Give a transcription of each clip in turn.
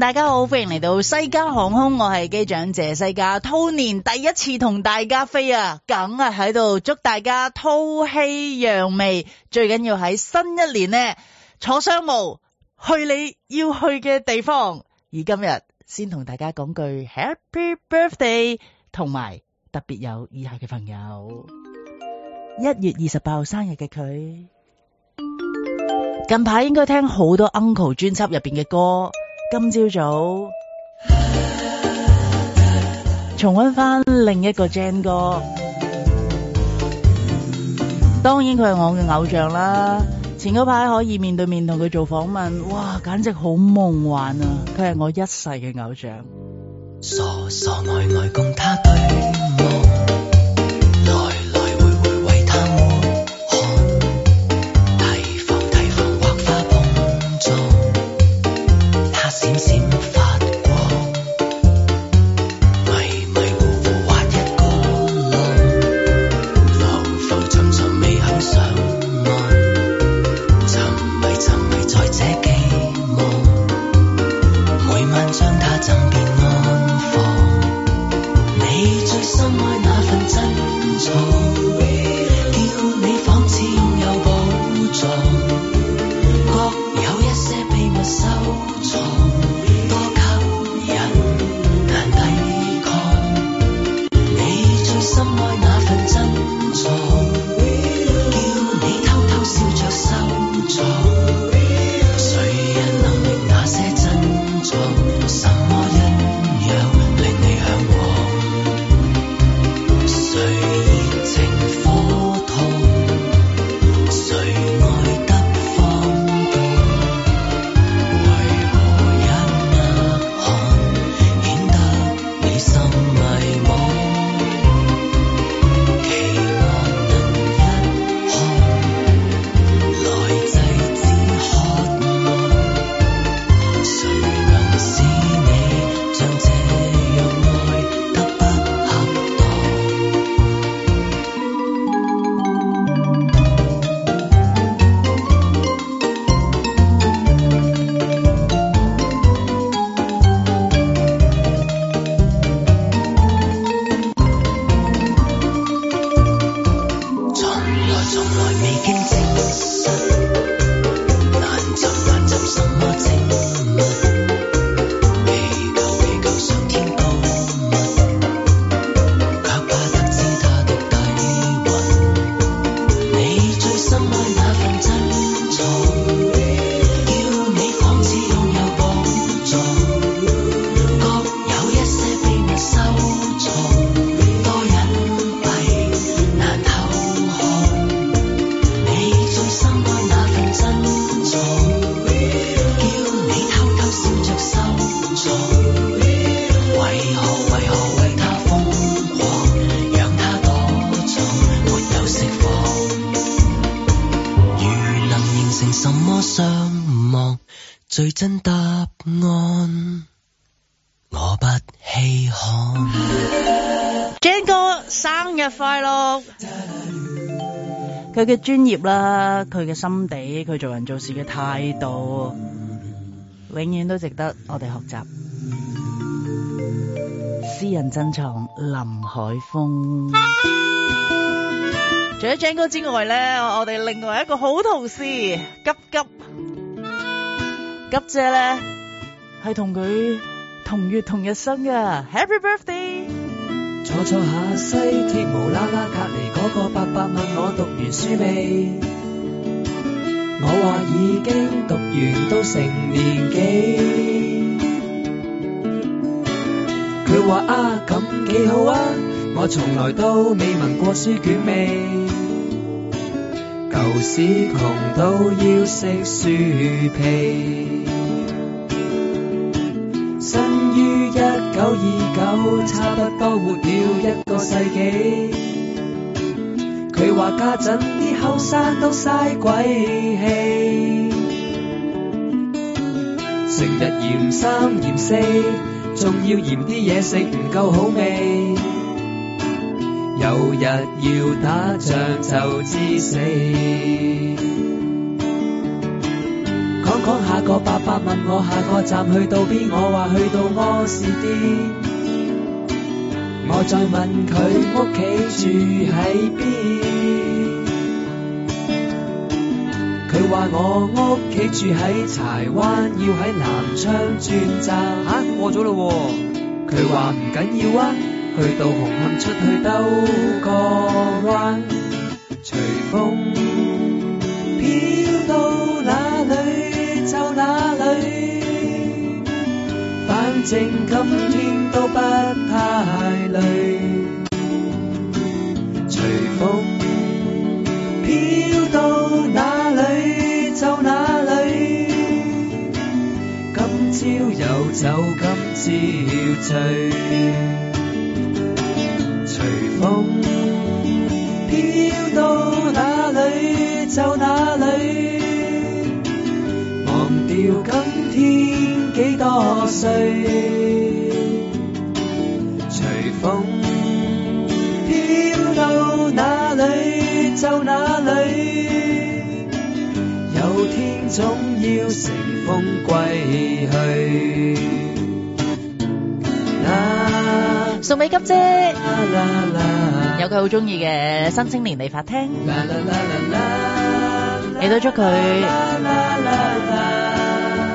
大家好，歡迎嚟到西加航空，我係機長謝西加，兔年第一次同大家飛啊，梗係喺度祝大家吐氣揚眉，最緊要喺新一年呢，坐商務去你要去嘅地方。而今日先同大家講句 Happy Birthday，同埋特別有以下嘅朋友，一月二十八號生日嘅佢，近排應該聽好多 Uncle 專輯入邊嘅歌。今朝早，早， 重溫翻另一個 Jen 哥，當然佢係我嘅偶像啦。前嗰排可以面對面同佢做訪問，哇，簡直好夢幻啊！佢係我一世嘅偶像。傻傻呆呆，共他對望。佢嘅專業啦，佢嘅心地，佢做人做事嘅態度，永遠都值得我哋學習。私人珍藏林海峰。除咗張哥之外咧，我我哋另外一個好同事，急急急姐咧，係同佢同月同日生嘅，係 everybody。坐坐下西鐵，無啦啦隔籬嗰個伯伯問我讀完書未？我話已經讀完都成年紀。佢話啊，咁幾好啊，我從來都未聞過書卷味。舊時窮到要食樹皮。二九差不多活了一個世紀，佢話家陣啲後生都嘥鬼氣，成日嫌三嫌四，仲要嫌啲嘢食唔夠好味，有日要打仗就知死。下個伯伯問我下個站去到邊？我話去到柯士甸。S、D，我再問佢屋企住喺邊？佢話我屋企住喺柴灣，要喺南昌轉站。吓、啊，過咗咯。佢話唔緊要啊，去到紅磡出去兜個彎，隨風。正今天都不太累。隨風飄到哪裏就哪裏。今朝有酒今朝醉。隨風飄到哪裏就哪裏。幾多歲，隨風飄到哪裏就哪裏，有天總要乘風歸去。宋美金姐啦啦啦，有佢好中意嘅新青年理髮廳，你都祝佢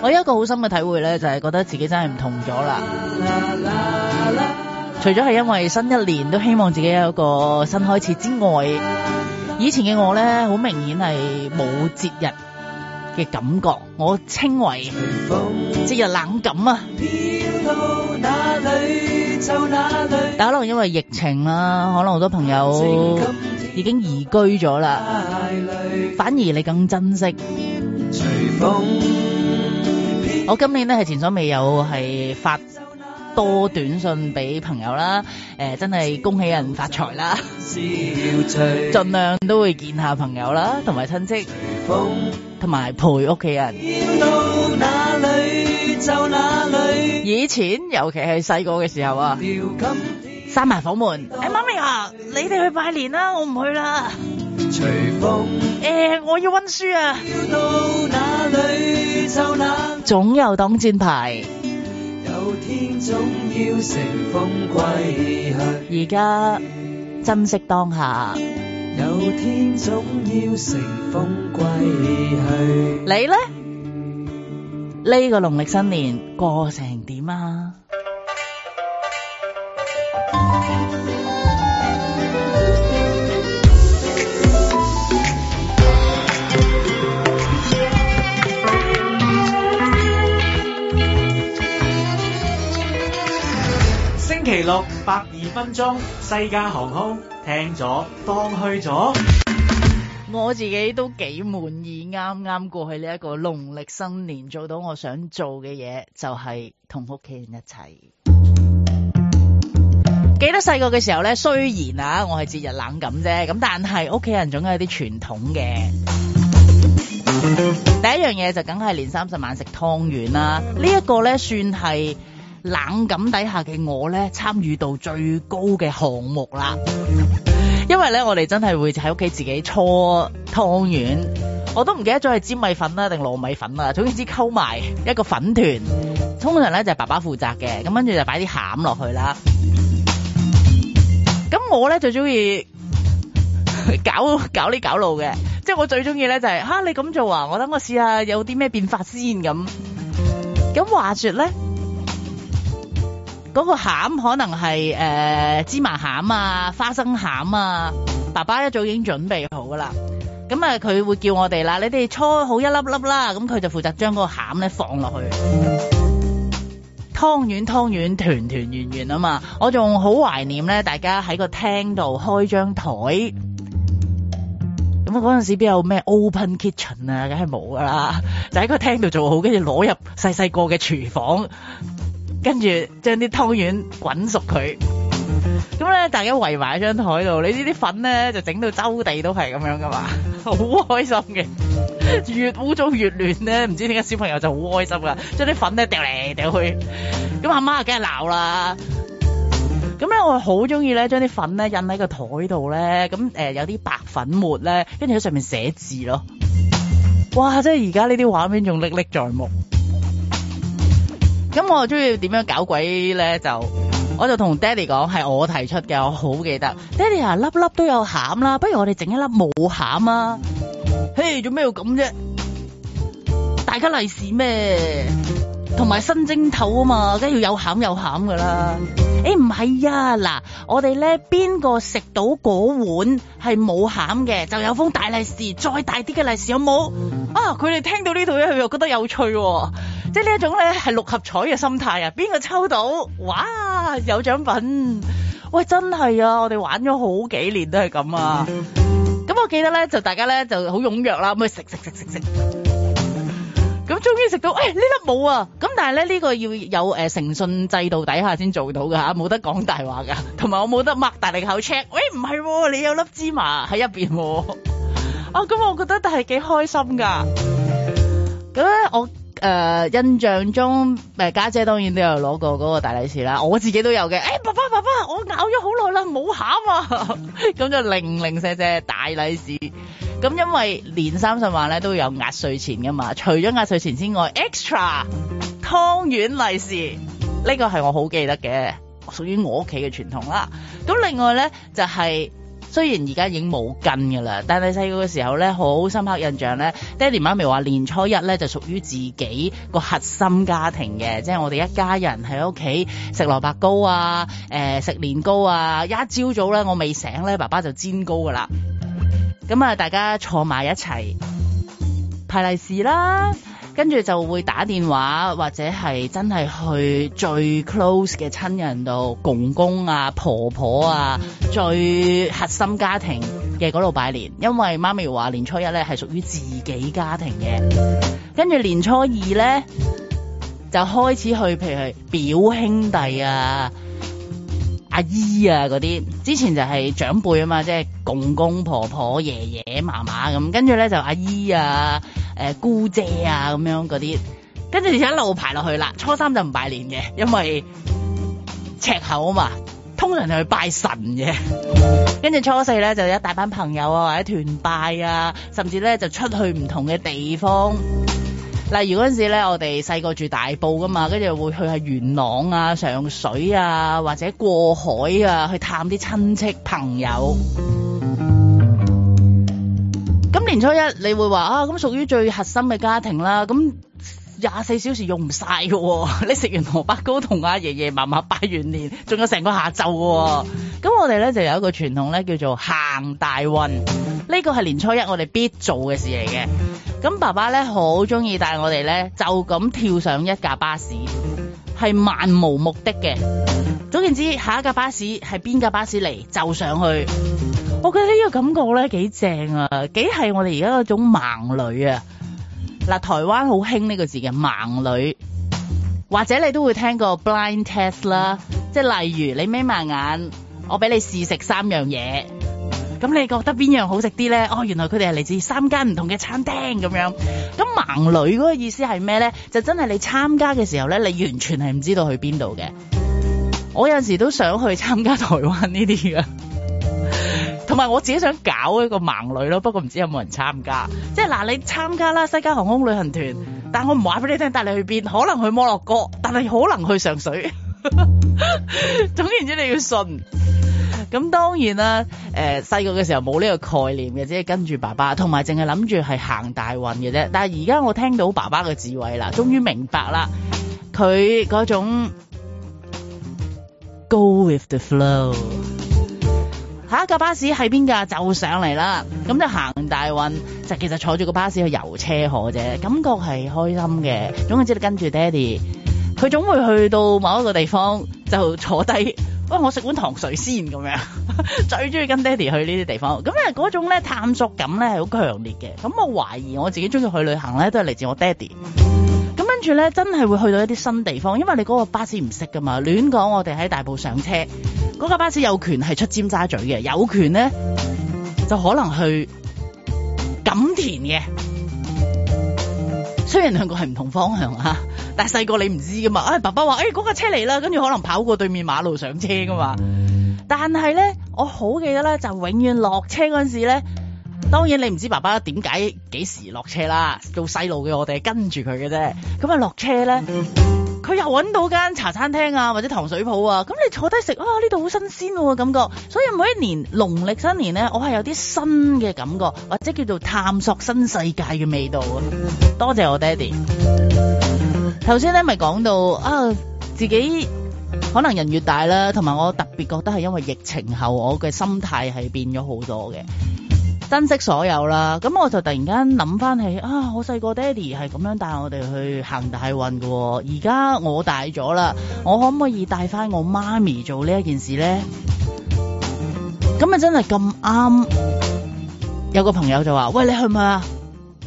我有一個好深嘅體會咧，就係、是、覺得自己真係唔同咗啦。啦啦除咗係因為新一年都希望自己有一個新開始之外，以前嘅我咧，好明顯係冇節日嘅感覺，我稱為節日冷感啊。風可能因為疫情啦，可能好多朋友已經移居咗啦，反而你更珍惜。我今年咧係前所未有係發多短信俾朋友啦，誒真係恭喜人發財啦，盡量都會見下朋友啦，同埋親戚，同埋陪屋企人。以前尤其係細個嘅時候啊，閂埋房門。誒媽咪啊，你哋去拜年啦，我唔去啦。誒、欸，我要溫書啊！總有擋箭牌。而家珍惜當下。你呢？呢、這個農曆新年過成點啊？星期六百二分鐘，西加航空聽咗當去咗，我自己都幾滿意，啱啱過去呢一個農曆新年做到我想做嘅嘢，就係同屋企人一齊。 記得細個嘅時候呢，雖然啊我係節日冷感啫，咁但係屋企人總係有啲傳統嘅。 第一樣嘢就梗係年三十晚食湯圓啦，呢、這、一個呢，算係。冷感底下嘅我咧，參與到最高嘅項目啦。因為咧，我哋真係會喺屋企自己搓湯圓，我都唔記得咗係粘米粉啦定糯米粉啦。總之，溝埋一個粉團，通常咧就係、是、爸爸負責嘅，咁跟住就擺啲餡落去啦。咁我咧最中意搞搞呢搞，搞路嘅，即係我最中意咧就係、是，哈你咁做啊！我等我試下有啲咩變化先咁。咁話説咧。嗰個餡可能係誒、呃、芝麻餡啊、花生餡啊，爸爸一早已經準備好噶啦。咁啊，佢會叫我哋啦，你哋搓好一粒粒啦，咁佢就負責將嗰個餡咧放落去。湯圓湯圓團團圓圓啊嘛，我仲好懷念咧，大家喺個廳度開張台。咁啊，嗰陣時邊有咩 open kitchen 啊？梗係冇噶啦，就喺個廳度做好，跟住攞入細細個嘅廚房。跟住將啲湯圓滾熟佢，咁咧大家圍埋喺張台度，你知呢啲粉咧就整到周地都係咁樣噶嘛，好 開心嘅， 越污糟越亂咧，唔知點解小朋友就好開心噶，將啲粉咧掉嚟掉去，咁阿媽梗係鬧啦。咁咧我好中意咧將啲粉咧印喺個台度咧，咁、呃、有啲白粉沫咧，跟住喺上面寫字咯。哇！即係而家呢啲畫面仲歷歷在目。咁我中意點樣搞鬼咧，就我就同爹哋講係我提出嘅，我好記得。爹哋啊，粒粒都有餡啦，不如我哋整一粒冇餡啊？嘿，做咩要咁啫？大吉利是咩？同埋新蒸透啊嘛，梗係要有餡有餡噶啦。誒唔係呀，嗱、啊、我哋咧邊個食到嗰碗係冇餡嘅，就有封大利是，再大啲嘅利是有冇？啊佢哋聽到呢套咧，佢又覺得有趣喎、哦，即係呢一種咧係六合彩嘅心態啊。邊個抽到？哇有獎品！喂真係啊，我哋玩咗好幾年都係咁啊。咁我記得咧就大家咧就好踴躍啦，咁去食食食食食。終於食到，誒、哎、呢粒冇啊！咁但係咧呢個要有誒誠信制度底下先做到噶吓，冇得講大話噶，同埋我冇得擘大力口 check，喂，唔、哎、係、哦，你有粒芝麻喺入邊、哦，啊、哦、咁我覺得都係幾開心噶。咁咧、嗯、我誒、呃、印象中，誒家姐當然都有攞過嗰個大利是啦，我自己都有嘅。誒、哎、爸爸爸爸，我咬咗好耐啦，冇餡啊！咁、 嗯嗯嗯、就零零舍舍大利是。咁因為年三十晚咧都有壓歲錢噶嘛，除咗壓歲錢之外，extra 湯圓利是呢個係我好記得嘅，屬於我屋企嘅傳統啦。咁另外呢，就係、是、雖然而家已經冇跟噶啦，但係細個嘅時候呢，好深刻印象呢。爹哋媽咪話年初一呢就屬於自己個核心家庭嘅，即、就、係、是、我哋一家人喺屋企食蘿蔔糕啊，食、呃、年糕啊，一朝早呢，我未醒呢，爸爸就煎糕噶啦。咁啊，大家坐埋一齊派利是啦，跟住就會打電話或者係真係去最 close 嘅親人度，公公啊、婆婆啊，最核心家庭嘅嗰度拜年。因為媽咪話年初一咧係屬於自己家庭嘅，跟住年初二咧就開始去，譬如係表兄弟啊。阿姨啊嗰啲，之前就係長輩啊嘛，即係公公婆婆、爺爺嫲嫲咁，跟住咧就阿姨啊、誒、呃、姑姐啊咁樣嗰啲，跟住而且一路排落去啦。初三就唔拜年嘅，因為赤口啊嘛，通常就去拜神嘅。跟住初四咧就有一大班朋友啊或者團拜啊，甚至咧就出去唔同嘅地方。例如嗰陣時咧，我哋細個住大埔噶嘛，跟住會去下元朗啊、上水啊或者過海啊，去探啲親戚朋友。咁年初一你會話啊，咁屬於最核心嘅家庭啦。咁廿四小時用唔晒㗎喎， 你食完蘿蔔糕同阿爺爺嫲嫲拜完年，仲有成個下晝喎。咁我哋咧就有一個傳統咧，叫做行大運。呢個係年初一我哋必做嘅事嚟嘅。咁爸爸咧好中意帶我哋咧就咁跳上一架巴士，係萬無目的漫無目的嘅。總言之，下一架巴士係邊架巴士嚟就上去。我覺得呢個感覺咧幾正啊，幾係我哋而家嗰種盲女啊。嗱，台灣好興呢個字嘅盲女，或者你都會聽過 blind test 啦，即係例如你眯埋眼，我俾你試食三樣嘢。咁你覺得邊樣好食啲咧？哦，原來佢哋係嚟自三間唔同嘅餐廳咁樣。咁盲女嗰個意思係咩咧？就真係你參加嘅時候咧，你完全係唔知道去邊度嘅。我有陣時都想去參加台灣呢啲嘅，同埋我自己想搞一個盲女咯。不過唔知有冇人參加？即係嗱，你參加啦西加航空旅行團，但我唔話俾你聽帶你去邊，可能去摩洛哥，但係可能去上水。 總言之，你要信。咁當然啦，啊，誒細個嘅時候冇呢個概念嘅，即係跟住爸爸，同埋淨係諗住係行大運嘅啫。但係而家我聽到爸爸嘅智慧啦，終於明白啦，佢嗰種 Go with the flow，下一架巴士喺邊㗎？就上嚟啦，咁就行大運，就其實坐住個巴士去遊車河啫，感覺係開心嘅。總之你跟住 daddy，佢總會去到某一個地方就坐低。喂，我食碗糖水先咁樣，最中意跟爹哋去呢啲地方，咁咧嗰種咧探索感咧係好強烈嘅，咁我懷疑我自己中意去旅行咧都係嚟自我爹哋，咁跟住咧真係會去到一啲新地方，因為你嗰個巴士唔識噶嘛，亂講我哋喺大埔上車，嗰架巴士有權係出尖沙咀嘅，有權咧就可能去錦田嘅。雖然兩個係唔同方向啊，但係細個你唔知噶嘛，啊爸爸話誒嗰架車嚟啦，跟住可能跑過對面馬路上車噶嘛，但係咧我好記得咧就永遠落車嗰陣時咧，當然你唔知爸爸點解幾時落車啦，做細路嘅我哋係跟住佢嘅啫，咁啊落車咧。嗯嗯佢又揾到間茶餐廳啊，或者糖水鋪啊，咁你坐低食啊，呢度好新鮮喎，啊，感覺。所以每一年農曆新年呢，我係有啲新嘅感覺，或者叫做探索新世界嘅味道啊。多謝我爹哋。頭先咧咪講到啊，自己可能人越大啦，同埋我特別覺得係因為疫情後，我嘅心態係變咗好多嘅。珍惜所有啦，咁我就突然間諗翻起啊，我細個爹哋係咁樣帶我哋去行大運噶，而家我大咗啦，我可唔可以帶翻我媽咪做呢一件事咧？咁啊真係咁啱，有個朋友就話：喂，你去唔去啊？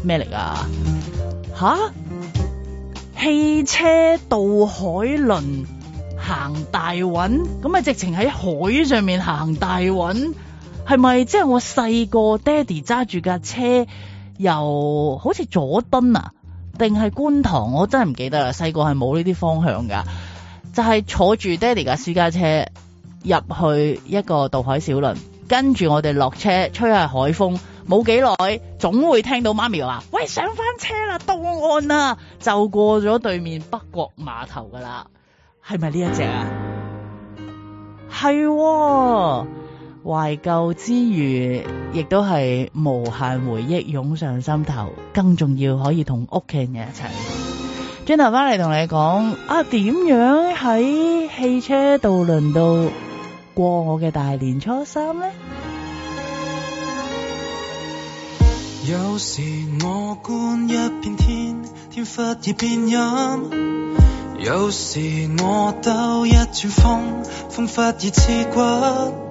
咩嚟噶？吓，汽車渡海輪行大運，咁啊直情喺海上面行大運。係咪即係我細個爹哋揸住架車由好似佐敦啊，定係觀塘？我真係唔記得啦。細個係冇呢啲方向噶，就係、是、坐住爹哋架私家車入去一個渡海小輪，跟住我哋落車吹下海風。冇幾耐，總會聽到媽咪話，喂，上返車啦，到岸啦，就過咗對面北角碼頭噶啦。係咪呢一隻啊？係。 係喎懷舊之餘，亦都係無限回憶湧上心頭，更重要可以同屋企人嘅一齊。轉頭翻嚟同你講，啊，點樣喺汽車渡輪度過我嘅大年初三呢？有時我觀一片天，天忽而變陰；有時我兜一轉風，風忽而刺骨。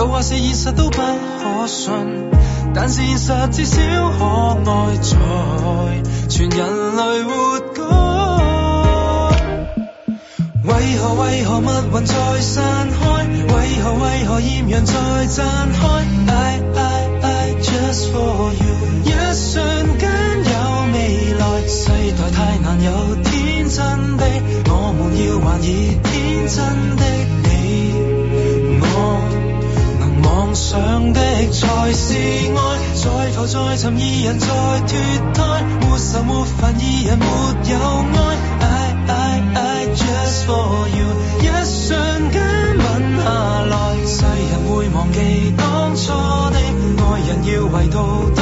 舊話是現實都不可信，但是現實至少可愛，在全人類活過。為何為何密雲在散開？為何為何，為何艷陽在綻開？I I I just for you，一瞬間有未來，世代太難有天真的，我們要還以天真的。想的才是愛，再浮再沉，二人在脱胎，沒愁沒煩，二人沒有愛。I I I just for you，一瞬間吻下來，世人會忘記當初的愛人，要唯到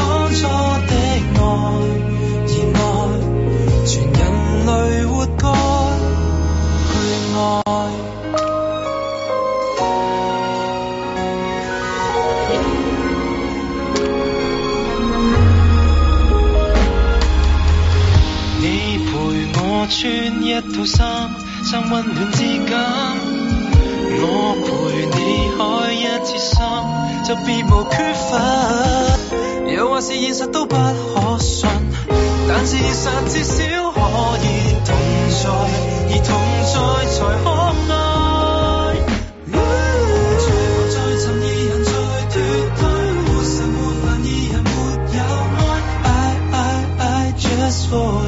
穿一套衫，衫溫暖之感。我陪你開一次心，就別無缺乏。又或是現實都不可信，但是現實至少可以同在，而同在才可愛。在浮再沉，二人再脫胎，無神無範，二人沒有愛，I I I just for。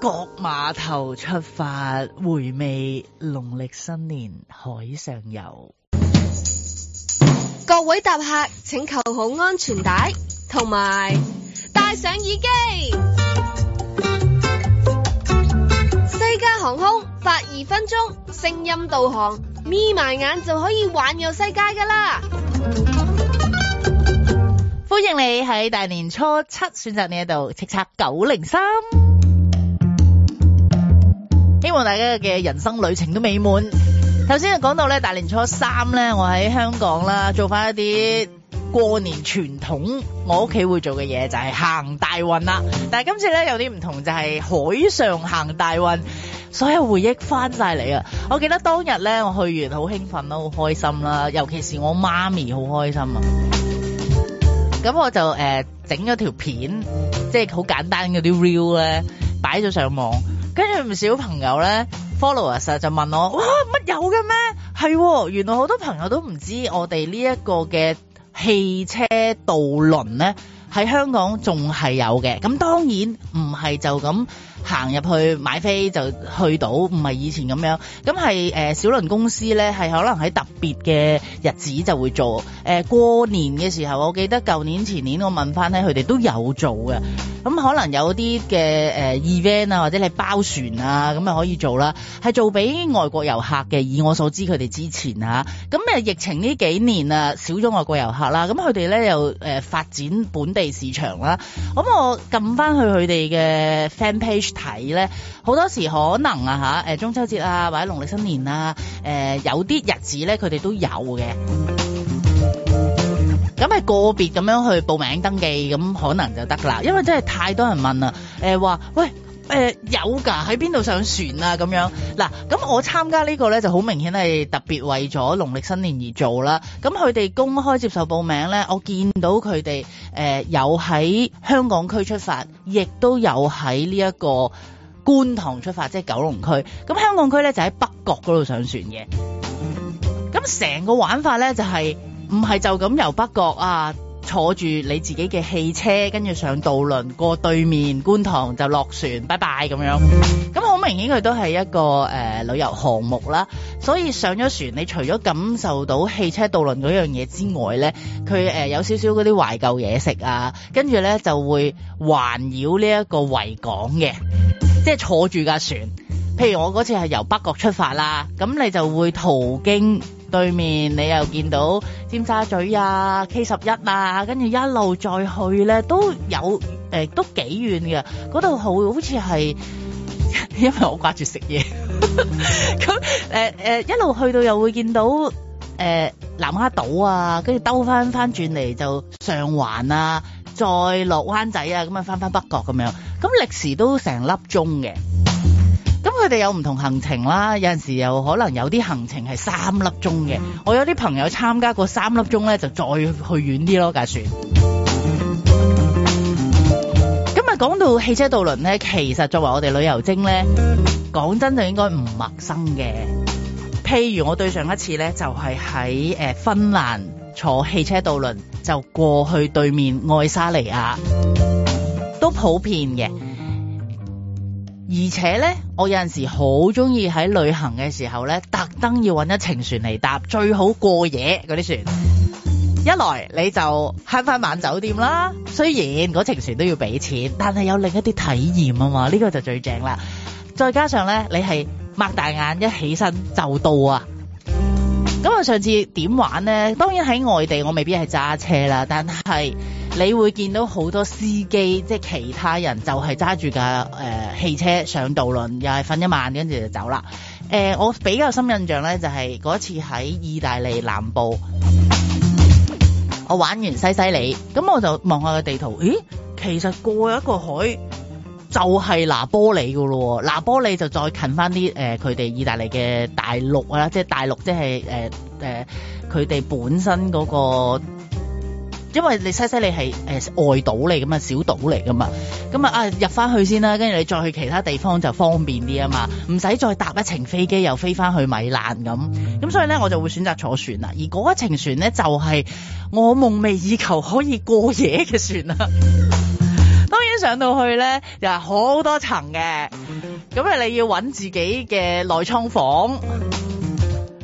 各碼頭出發，回味農曆新年海上遊。各位搭客，請扣好安全帶，同埋戴上耳機。西加航空，八二分鐘，聲音導航，眯埋眼就可以環遊世界噶啦！歡迎你喺大年初七選擇呢一度，叱咤九零三。希望大家嘅人生旅程都美滿。頭先講到咧，大年初三咧，我喺香港啦，做翻一啲過年傳統，我屋企會做嘅嘢就係、是、行大運啦。但係今次咧有啲唔同，就係、是、海上行大運。所有回憶翻晒嚟啊！我記得當日咧我去完，好興奮啦，好開心啦，尤其是我媽咪好開心啊。咁我就誒整咗條片，即係好簡單嗰啲 reel 咧，擺咗上網。跟住唔少朋友咧，followers 就問我：「哇，乜有嘅咩？」係，原來好多朋友都唔知我哋呢一個嘅汽車渡輪咧，喺香港仲係有嘅。咁當然唔係就咁。行入去買飛就去到，唔係以前咁樣。咁係、呃、小輪公司咧，係可能喺特別嘅日子就會做。誒、呃、過年嘅時候，我記得舊年前年我問翻咧，佢哋都有做嘅。咁可能有啲嘅誒 event 啊，或者你包船啊，咁咪可以做啦。係做俾外國遊客嘅，以我所知佢哋之前啊，咁誒疫情呢幾年啊，少咗外國遊客啦。咁佢哋咧又誒發展本地市場啦。咁我撳翻去佢哋嘅 fan page。睇咧，好多時可能啊吓，誒中秋節啊或者農曆新年啊，誒、啊、有啲日子咧佢哋都有嘅，咁、嗯、係個別咁樣去報名登記，咁可能就得啦，因為真係太多人問啦，誒、啊、話喂。誒、呃、有㗎，喺邊度上船啊咁樣。嗱、啊，咁我參加呢個呢，就好明顯係特別為咗農曆新年而做啦。咁佢哋公開接受報名呢，我見到佢哋誒有喺香港區出發，亦都有喺呢一個觀塘出發，即係九龍區。咁香港區呢，就喺北角嗰度上船嘅。咁成個玩法呢，就係唔係就咁由北角啊？坐住你自己嘅汽車，跟住上渡輪過對面觀塘就落船，拜拜咁樣。咁好明顯佢都係一個、呃、旅遊項目啦。所以上咗船，你除咗感受到汽車渡輪嗰樣嘢之外呢，佢、呃、有少少嗰啲懷舊嘢食啊，跟住呢就會環繞呢一個維港嘅，即係坐住架船。譬如我嗰次係由北角出發啦，咁你就會途經。對面你又見到尖沙咀啊、K 十一啊，跟住一路再去咧都有誒，都幾遠嘅。嗰度好好似係因為我掛住食嘢，咁誒誒一路去到又會見到誒南丫島啊，跟住兜翻翻轉嚟就上環啊，再落灣仔啊，咁啊翻翻北角咁樣，咁歷時都成粒鐘嘅。佢哋有唔同行程啦，有陣時又可能有啲行程係三粒鐘嘅。我有啲朋友參加過三粒鐘呢，就再去遠啲咯，假算。 今日講到汽車渡輪呢，其實作為我哋旅遊精呢，講真就應該唔陌生嘅。譬如我對上一次呢，就係喺誒芬蘭坐汽車渡輪，就過去對面愛沙尼亞，都普遍嘅。而且咧，我有陣時好中意喺旅行嘅時候咧，特登要揾一程船嚟搭，最好過夜嗰啲船。一來你就慳翻晚酒店啦。雖然嗰程船都要俾錢，但係有另一啲體驗啊嘛，呢個就最正啦。再加上咧，你係擘大眼一起身就到啊。咁啊，上次點玩咧？當然喺外地我未必係揸車啦，但係。你會見到好多司機，即係其他人就係揸住架誒汽車上渡輪，又係瞓一晚，跟住就走啦。誒、呃，我比較深印象咧，就係、是、嗰次喺意大利南部， 我玩完西西里，咁我就望下個地圖，咦，其實過一個海就係、是、拿波里噶喎。拿波里就再近翻啲誒，佢、呃、哋意大利嘅大陸啊，即係大陸，即係誒誒，佢、呃、哋、呃、本身嗰、那個。因為你西西里係誒外島嚟㗎嘛，小島嚟噶嘛，咁啊入翻去先啦，跟住你再去其他地方就方便啲啊嘛，唔使再搭一程飛機又飛翻去米蘭咁，咁所以咧我就會選擇坐船啦，而嗰一程船咧就係我夢寐以求可以過夜嘅船啦。當然上到去咧又係好多層嘅，咁啊你要揾自己嘅內艙房，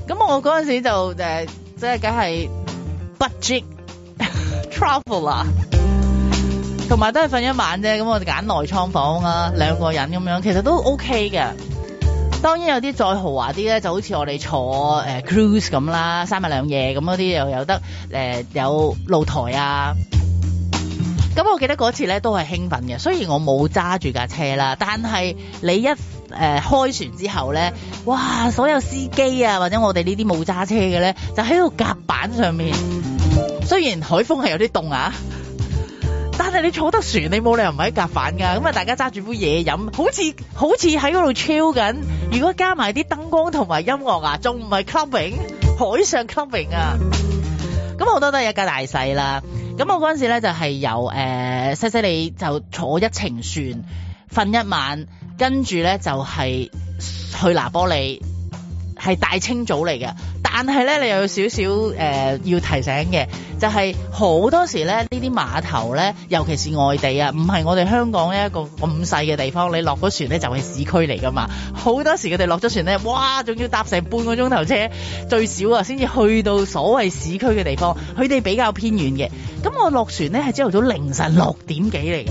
咁我嗰陣時就誒、呃、即係梗係 budget。travel 啊、er，同埋都係瞓一晚啫，咁我哋揀內艙房啊，兩個人咁樣，其實都 OK 嘅。當然有啲再豪華啲咧，就好似我哋坐誒、呃、cruise 咁啦，三日兩夜咁嗰啲又有得誒、呃、有露台啊。咁我記得嗰次咧都係興奮嘅，雖然我冇揸住架車啦，但係你一誒、呃、開船之後咧，哇，所有司機啊或者我哋呢啲冇揸車嘅咧，就喺度甲板上面。雖然海風係有啲凍啊，但係你坐得船，你冇理由唔喺甲板㗎。咁啊，大家揸住杯嘢飲，好似好似喺嗰度 chill 緊。如果加埋啲燈光同埋音樂啊，仲唔係 clubbing 海上 clubbing 啊？咁好多都係一家大細啦。咁我嗰陣時咧就係由誒西西里就坐一程船，瞓一晚，跟住咧就係去拿波里。係大清早嚟嘅，但係咧，你又有少少誒要提醒嘅，就係好多時咧呢啲碼頭咧，尤其是外地啊，唔係我哋香港呢一個咁細嘅地方，你落咗船咧就係市區嚟噶嘛。好多時佢哋落咗船咧，哇，仲要搭成半個鐘頭車，最少啊，先至去到所謂市區嘅地方。佢哋比較偏遠嘅。咁我落船咧係朝頭早凌晨六點幾嚟嘅。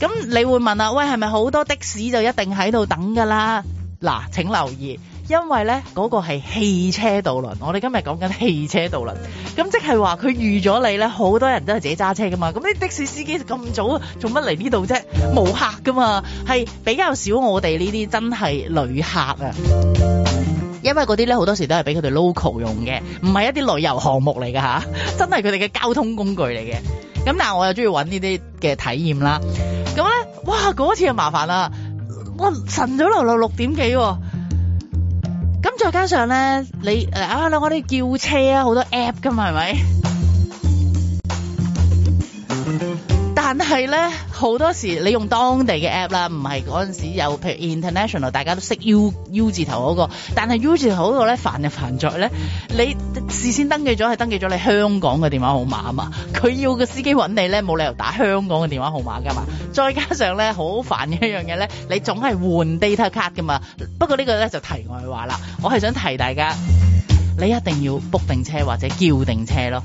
咁你會問呀，喂，係咪好多的士就一定喺度等㗎啦？嗱，請留意，因為咧嗰個係汽車渡輪，我哋今日講緊汽車渡輪，咁即係話佢預咗你咧，好多人都係自己揸車噶嘛，咁啲的士司機咁早做乜嚟呢度啫？冇客噶嘛，係比較少我哋呢啲真係旅客啊，因為嗰啲咧好多時都係俾佢哋 local 用嘅，唔係一啲旅遊項目嚟噶吓，真係佢哋嘅交通工具嚟嘅。咁但係我又中意揾呢啲嘅體驗啦。咁咧，哇嗰次就麻煩啦。我晨早流流六點幾喎，咁再加上咧，你啊，我哋叫車啊，好多 app 噶嘛，係咪？但係咧，好多時你用當地嘅 app 啦，唔係嗰陣時有譬如 international，大家都識 U U 字頭嗰個。但係 U 字頭嗰個咧，煩就煩在咧，你事先登記咗係登記咗你香港嘅電話號碼啊嘛。佢要個司機揾你咧，冇理由打香港嘅電話號碼㗎嘛。再加上咧，好煩嘅一樣嘢咧，你總係換 data card 㗎嘛。不過個呢個咧就題外話啦，我係想提大家，你一定要 book 定車或者叫定車咯。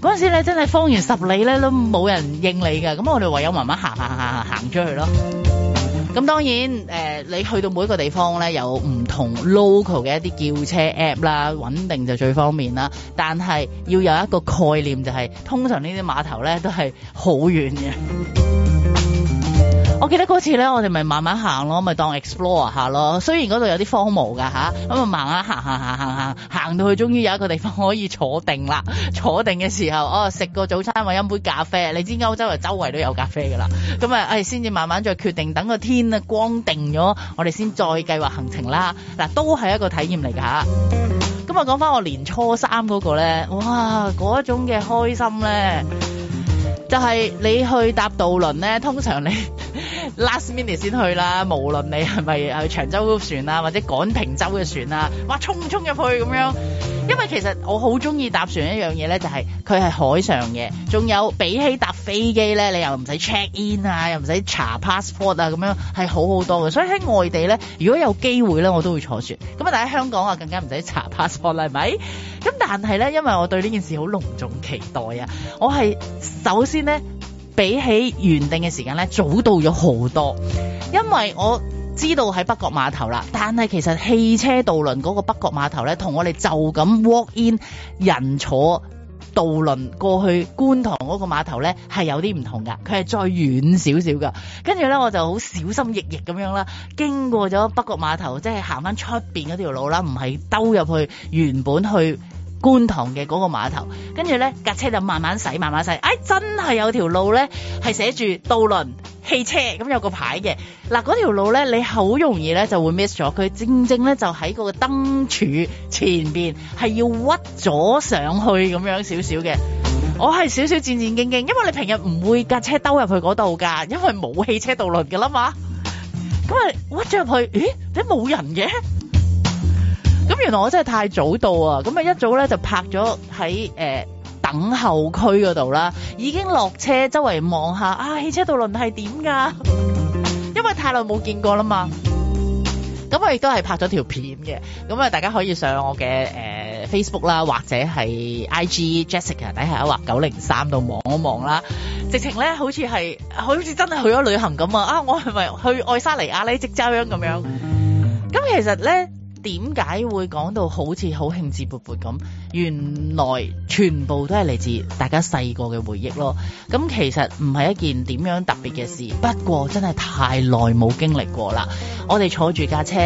嗰陣時咧，真係方圓十里咧都冇人應你㗎，咁我哋唯有慢慢行行行行行出去咯。咁當然誒、呃，你去到每一個地方咧，有唔同 local 嘅一啲叫車 app 啦，穩定就最方便啦。但係要有一個概念、就係，就係通常呢啲碼頭咧都係好遠嘅。我記得嗰次咧，我哋咪慢慢行咯，咪當 explore 下咯。雖然嗰度有啲荒蕪㗎嚇咁啊，啊，啊慢慢行行行行行，行到去終於有一個地方可以坐定啦。坐定嘅時候，哦、啊、食個早餐或者飲杯咖啡。你知歐洲嚟周圍都有咖啡㗎啦。咁啊，誒先至慢慢再決定，等個天啊光定咗，我哋先再計劃行程啦。嗱、啊，都係一個體驗嚟㗎嚇。咁啊，講翻我年初三嗰個咧，哇，嗰種嘅開心咧，就係、是、你去搭渡輪咧，通常你。 Last minute 先去啦，無論你係咪去長洲船啊，或者趕平洲嘅船啊，哇，冲衝入去咁樣？因為其實我好中意搭船一樣嘢咧，就係佢係海上嘅，仲有比起搭飛機咧，你又唔使 check in 啊，又唔使查 passport 啊，咁樣係好好多嘅。所以喺外地咧，如果有機會咧，我都會坐船。咁啊，但喺香港啊，更加唔使查 passport 啦，係咪？咁但係咧，因為我對呢件事好隆重期待啊，我係首先咧。比起原定嘅時間咧，早到咗好多。因為我知道喺北角碼頭啦，但係其實汽車渡輪嗰個北角碼頭咧，同我哋就咁 walk in 人坐渡輪過去觀塘嗰個碼頭咧，係有啲唔同嘅，佢係再遠少少噶。跟住咧，我就好小心翼翼咁樣啦，經過咗北角碼頭，即係行翻出邊嗰條路啦，唔係兜入去原本去。觀塘嘅嗰個碼頭，跟住咧架車就慢慢駛，慢慢駛。哎，真係有條路咧係寫住渡輪、汽車咁有個牌嘅。嗱，嗰條路咧你好容易咧就會 miss 咗，佢正正咧就喺個燈柱前邊，係要屈咗上去咁樣少少嘅。我係少少戰戰兢兢，因為你平日唔會架車兜入去嗰度㗎，因為冇汽車渡輪㗎啦嘛。咁啊屈咗入去，咦？點冇人嘅？咁原來我真係太早到啊！咁啊一早咧就拍咗喺、呃、等候區嗰度啦，已經落車，周圍望下啊！汽車渡輪係點噶？ 因為太耐冇見過啦嘛。咁啊，亦都係拍咗條片嘅。咁啊，大家可以上我嘅、呃、Facebook 啦，或者係 IG Jessica 底下或3，看一劃九零三度望一望啦。直情咧好似係好似真係去咗旅行咁啊！啊，我係咪去愛沙尼亞、呢、即州咁樣？咁其實咧。點解會講到好似好興致勃勃咁？原來全部都係嚟自大家細個嘅回憶咯。咁其實唔係一件點樣特別嘅事，不過真係太耐冇經歷過啦。我哋坐住架車，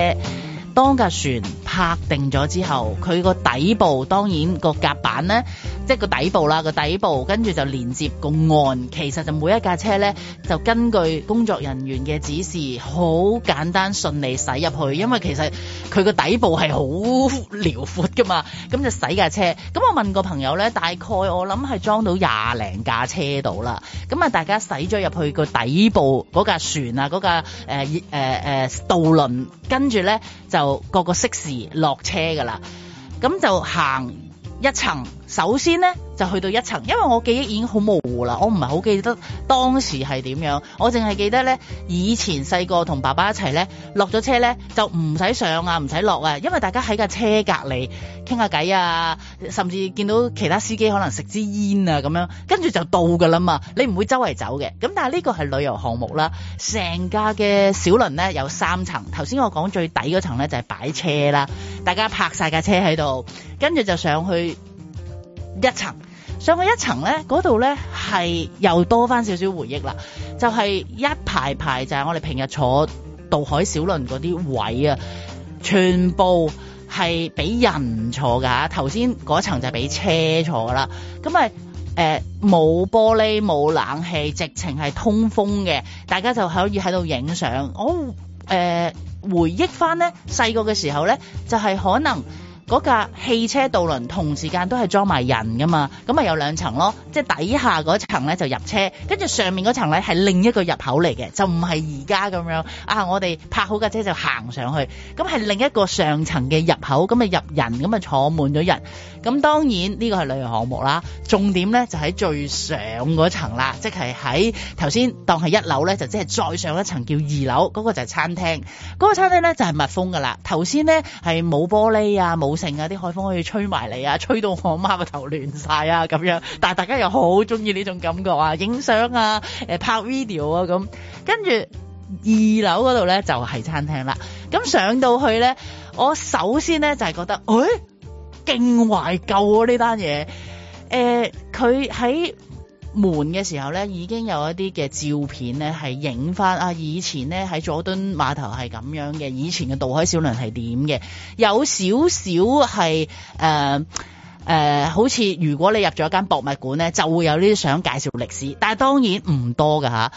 當架船泊定咗之後，佢個底部當然個甲板呢。即係個底部啦，個底部跟住就連接個岸。其實就每一架車呢，就根據工作人員嘅指示，好簡單順利駛入去。因為其實佢個底部係好遼闊㗎嘛，咁就駛架車。咁我問個朋友呢，大概我諗係裝到廿零架車到啦。咁啊，大家駛咗入去個底部嗰架船啊，嗰架道渡輪，跟、呃、住、呃呃、呢就各個個適時落車㗎啦。咁就行一層。首先呢，就去到一層，因為我記憶已經好模糊啦，我唔係好記得當時係點樣，我淨係記得呢以前細個同爸爸一齊呢，落咗車呢就唔使上啊，唔使落啊，因為大家喺架車隔離傾下偈啊，甚至見到其他司機可能食支煙啊咁樣，跟住就到㗎啦嘛，你唔會周圍走嘅。咁但係呢個係旅遊項目啦，成架嘅小輪呢有三層，頭先我講最底嗰層呢就係擺車啦，大家泊曬架車喺度，跟住就上去。一層上去一層咧，嗰度咧係又多翻少少回憶啦。就係、是、一排排就係我哋平日坐渡海小輪嗰啲位啊，全部係俾人坐噶。頭先嗰層就係俾車坐啦。咁啊誒，冇玻璃，冇冷氣，直情係通風嘅，大家就可以喺度影相。我、哦、誒、呃、回憶翻咧細個嘅時候咧，就係、是、可能。嗰架汽車渡輪同時間都係裝埋人噶嘛，咁啊有兩層咯，即係底下嗰層咧就入車，跟住上面嗰層咧係另一個入口嚟嘅，就唔係而家咁樣啊！我哋泊好架車就行上去，咁係另一個上層嘅入口，咁啊入人，咁啊坐滿咗人。咁當然呢個係旅遊項目啦，重點咧就喺最上嗰層啦，即係喺頭先當係一樓咧，就即係再上一層叫二樓，嗰個就係餐廳。嗰個餐廳咧就係密封噶啦，頭先呢係冇玻璃啊，冇。成啊！啲海風可以吹埋嚟啊，吹到我媽個頭亂曬啊咁樣。但係大家又好中意呢種感覺啊，影相啊，誒拍 video 啊咁。跟住二樓嗰度咧就係、是、餐廳啦。咁上到去咧，我首先咧就係、是、覺得，誒，勁懷舊啊呢單嘢。誒，佢、呃、喺門嘅時候呢，已經有一啲嘅照片呢係影翻啊，以前呢，喺佐敦碼頭係咁樣嘅，以前嘅渡海小輪係點嘅？有少少係誒誒，好似如果你入咗一間博物館呢，就會有呢啲相介紹歷史，但係當然唔多噶吓，啊。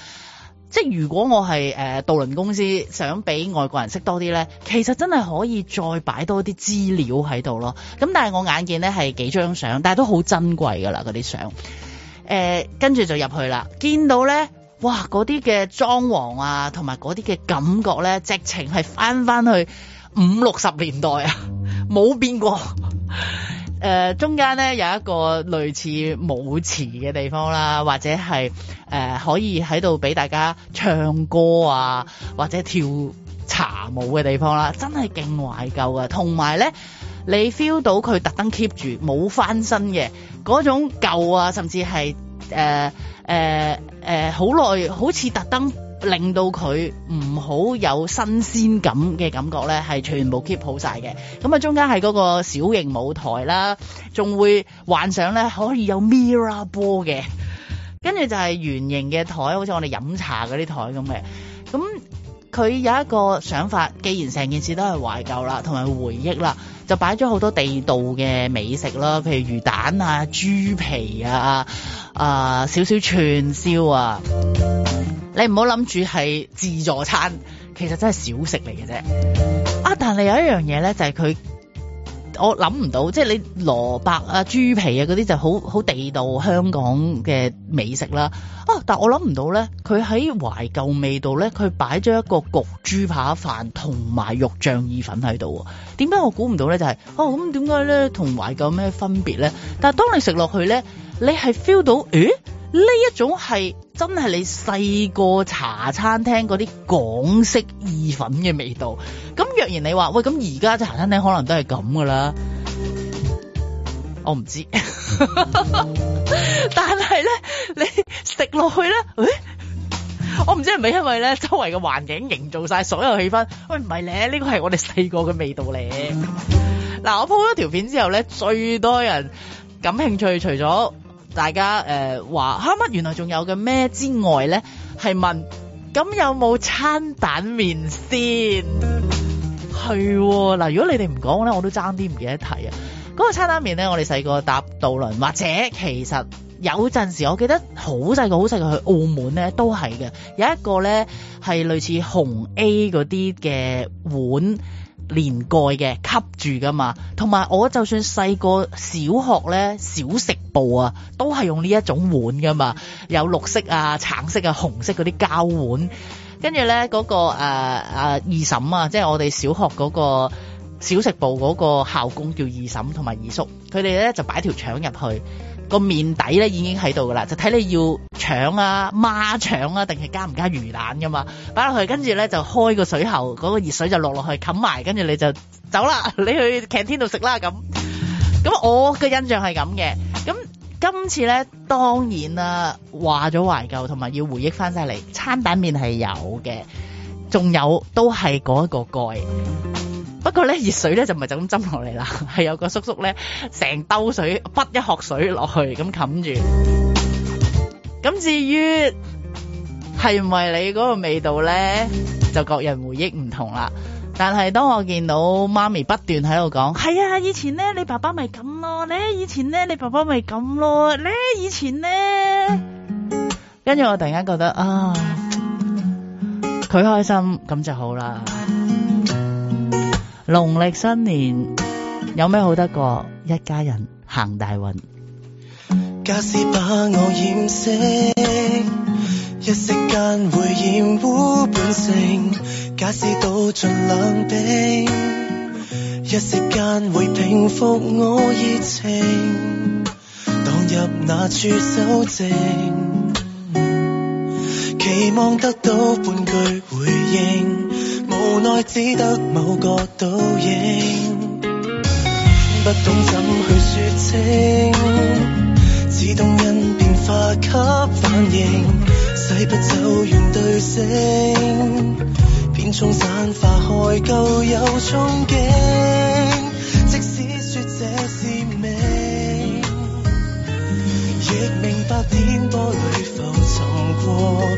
即係如果我係誒渡輪公司，想俾外國人識多啲呢，其實真係可以再擺多啲資料喺度咯。咁但係我眼見呢係幾張相，但係都好珍貴噶啦嗰啲相。誒、呃、跟住就入去啦，見到呢哇嗰啲嘅裝潢啊，同埋嗰啲嘅感覺呢，直情係翻翻去五六十年代啊，冇變過。誒、呃、中間呢有一個類似舞池嘅地方啦，或者係誒、呃、可以喺度俾大家唱歌啊，或者跳茶舞嘅地方啦，真係勁懷舊啊。同埋呢。你 feel 到佢特登 keep 住冇翻身嘅嗰種舊啊，甚至係誒誒誒好耐，好似特登令到佢唔好有新鮮感嘅感覺咧，係全部 keep 好曬嘅。咁啊，中間係嗰個小型舞台啦，仲會幻想咧可以有 mirror ball 嘅，跟住就係圓形嘅台，好似我哋飲茶嗰啲台咁嘅。咁佢有一個想法，既然成件事都係懷舊啦，同埋回憶啦。就擺咗好多地道嘅美食啦，譬如魚蛋啊、豬皮啊、啊少少串燒啊，你唔好諗住係自助餐，其實真係小食嚟嘅啫。啊！但係有一樣嘢咧，就係佢。我諗唔到，即係你蘿蔔啊、豬皮啊嗰啲就好好地道香港嘅美食啦。啊，但係我諗唔到咧，佢喺懷舊味道咧，佢擺咗一個焗豬扒飯同埋肉醬意粉喺度。點解我估唔到咧？就係哦，咁點解咧同懷舊有咩分別咧？但係當你食落去咧，你係 feel 到，咦，呢一種係。真係你細個茶餐廳嗰啲港式意粉嘅味道，咁若然你話，喂，咁而家茶餐廳可能都係咁噶啦，我唔知， 但係咧，你食落去咧，喂，我唔知係咪因為咧，周圍嘅環境營造曬所有氣氛，喂，唔係咧，呢個係我哋細個嘅味道嚟。嗱， 我鋪咗條片之後咧，最多人感興趣，除咗。大家誒話哈乜？原來仲有嘅咩之外咧，係問咁有冇餐蛋麵先係嗱？如果你哋唔講咧，我都爭啲唔記得提啊。嗰個餐蛋麵咧，我哋細個搭渡輪，或者其實有陣時，我記得好細個好細個去澳門咧，都係嘅有一個咧係類似紅 A 嗰啲嘅碗。連蓋嘅，吸住噶嘛，同埋我就算細個小學咧，小食部啊，都係用呢一種碗噶嘛，有綠色啊、橙色啊、紅色嗰啲膠碗，跟住咧嗰個誒誒、啊啊、二嬸啊，即係我哋小學嗰個小食部嗰個校工叫二嬸同埋二叔，佢哋咧就擺條腸入去。個麵底咧已經喺度噶啦，就睇你要腸啊、孖腸啊，定係加唔加魚蛋噶嘛，擺落去，跟住咧就開個水喉，嗰個熱水就落落去冚埋，跟住你就走啦，你去 canteen 度食啦咁。咁我嘅印象係咁嘅，咁今次咧當然啊話咗懷舊同埋要回憶翻晒嚟，餐蛋麵係有嘅。仲有都係嗰一個蓋，不過咧熱水咧就唔係就咁斟落嚟啦，係有個叔叔咧成兜水滗一殼水落去咁冚住。咁至於係唔係你嗰個味道咧，就各人回憶唔同啦。但係當我見到媽咪不斷喺度講，係啊，以前咧你爸爸咪咁咯，咧以前咧你爸爸咪咁咯，咧以前咧，跟住我突然間覺得啊。佢開心，咁就好啦。農曆新年，有咩好得過？一家人行大運，假使把我掩飾，一時間會厭污本性；假使倒盡兩冰，一時間會平復我熱情。當入那處守靜期望得到半句回應，無奈只得某個倒影，不懂怎去說清，只懂因變化給反應，洗不走原對星，片中散發開舊有憧憬。即使說這是命，亦明白顛簸裏浮沉過。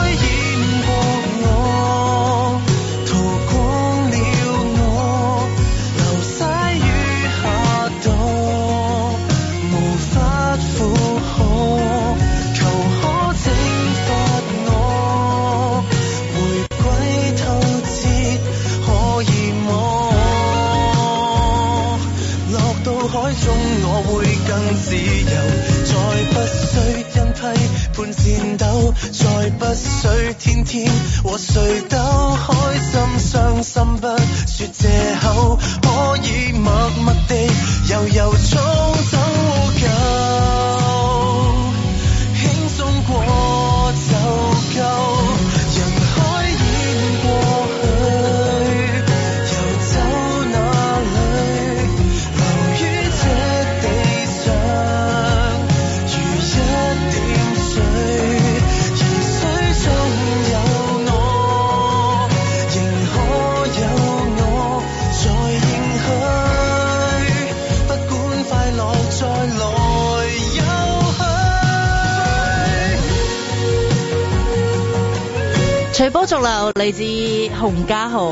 自由，再不需因批判戰鬥，再不需天天和誰鬥，開心傷心不說借口，可以默默地悠悠操。隨波逐流，嚟自洪家豪。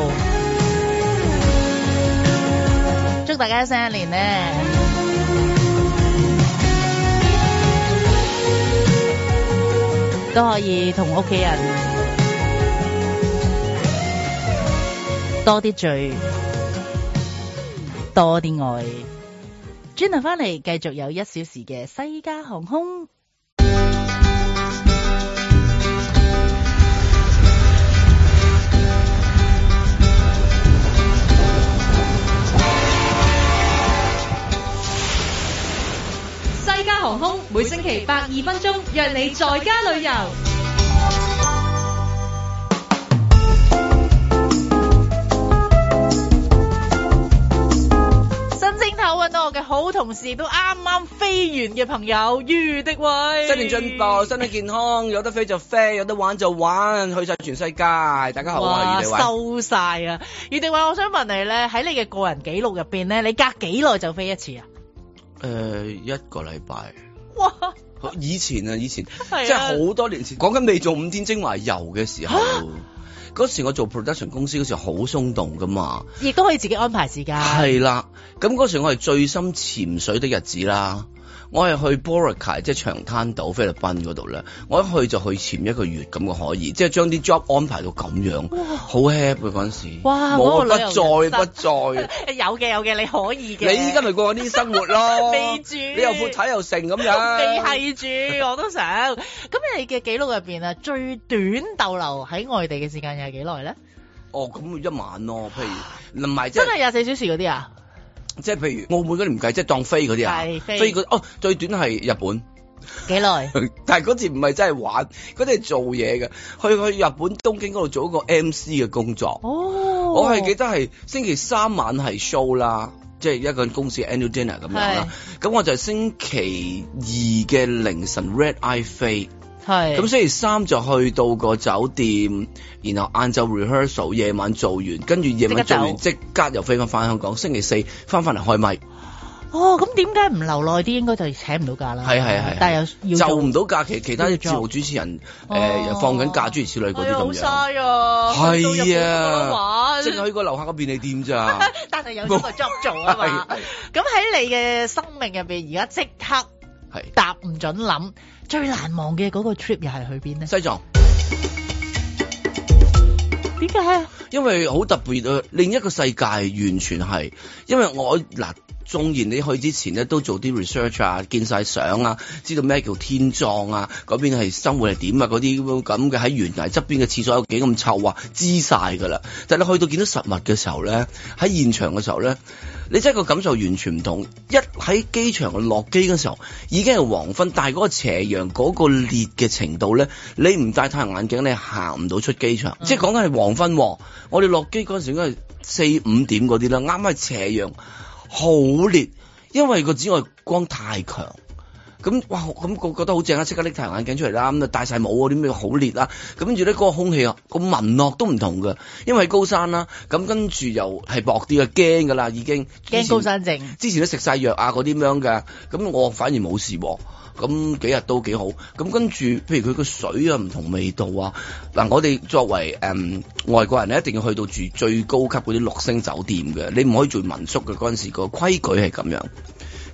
祝大家新一年呢，都可以同屋企人多啲聚，多啲愛。轉頭返嚟，繼續有一小時嘅西加航空。航空每星期百二分鐘，約你在家旅遊。新星頭揾到我嘅好同事，都啱啱飛完嘅朋友，余迪偉。新年進步，身體健康，有得飛就飛，有得玩就玩，去晒全世界。大家好，啊，余迪偉。哇，迪收晒啊！余迪偉，我想問你咧，喺你嘅個人記錄入邊咧，你隔幾耐就飛一次啊？誒、呃、一個禮拜，哇！以前啊，以前 即係好多年前，講緊未做五天精華油嘅時候，嗰、啊、時我做 production 公司嗰時好鬆動噶嘛，亦都可以自己安排時間。係啦， 咁嗰時我係最深潛水的日子啦。我係去 Boracay 即係長灘島菲律賓嗰度咧，我一去就去潛一個月咁嘅可以，即係將啲 job 安排到咁樣，好 happy 嘅嗰陣時，無不在不在。有嘅有嘅，你可以嘅。你依家咪過啲生活咯，你又闊睇又成咁樣。係住我都想。咁你嘅記錄入邊啊，最短逗留喺外地嘅時間又係幾耐咧？哦，咁一晚咯，譬如，唔係真係廿四小時嗰啲啊。即係譬如澳門嗰啲唔計，即係當飛嗰啲啊，飛嗰、嗰個、哦，最短係日本幾耐？久 但係嗰次唔係真係玩，嗰啲係做嘢嘅。去去日本東京嗰度做一個 MC 嘅工作。哦，我係記得係星期三晚係 show 啦，即係一個公司 annual dinner 咁樣啦。咁是我就係星期二嘅凌晨 red eye 飛。係咁星期三就去到個酒店，然後晏晝 rehearsal，夜晚做完，跟住夜晚做完即刻又飛翻翻香港。星期四翻翻嚟，開咪。哦，咁點解唔留耐啲？應該就請唔到假啦。係係係，但係又做唔到假期，其他啲節目主持人誒又放緊假，諸如此類嗰啲咁嘅嘢。好嘥啊！係啊，即係去個樓下個便利店咋？但係有啲個 job 做啊嘛。咁喺你嘅生命入邊，而家即刻答唔準諗。最難忘嘅嗰個 trip 又係去邊咧？西藏。點解啊？因為好特別啊，另一個世界，完全係因為我嗱。縱然你去之前咧，都做啲 research 啊，見晒相啊，知道咩叫天葬啊，嗰邊係生活係點啊，嗰啲咁嘅喺懸崖側邊嘅廁所有幾咁臭啊，黐晒噶啦！但係你去到見到實物嘅時候咧，喺現場嘅時候咧，你真係個感受完全唔同。一喺機場落機嘅時候，已經係黃昏，但係嗰個斜陽嗰個烈嘅程度咧，你唔戴太陽眼鏡你行唔到出機場。嗯、即係講緊係黃昏、啊，我哋落機嗰陣時候應該四五點嗰啲啦，啱啱係斜陽。好烈，因為個紫外光太強，咁哇，咁覺得好正啊，即刻拎太陽眼鏡出嚟啦，咁就戴晒帽啊，啲咩好烈啦，咁跟住咧個個空氣個聞落都唔同噶，因為高山啦，咁跟住又係薄啲嘅，驚噶啦已經，驚高山症，之前都食晒藥啊嗰啲咁樣嘅，咁我反而冇事。咁、嗯、幾日都幾好，咁、嗯、跟住，譬如佢個水啊唔同味道啊，嗱、嗯，我哋作為誒、嗯、外國人咧，一定要去到住最高級嗰啲六星酒店嘅，你唔可以住民宿嘅，嗰陣時個規矩係咁樣。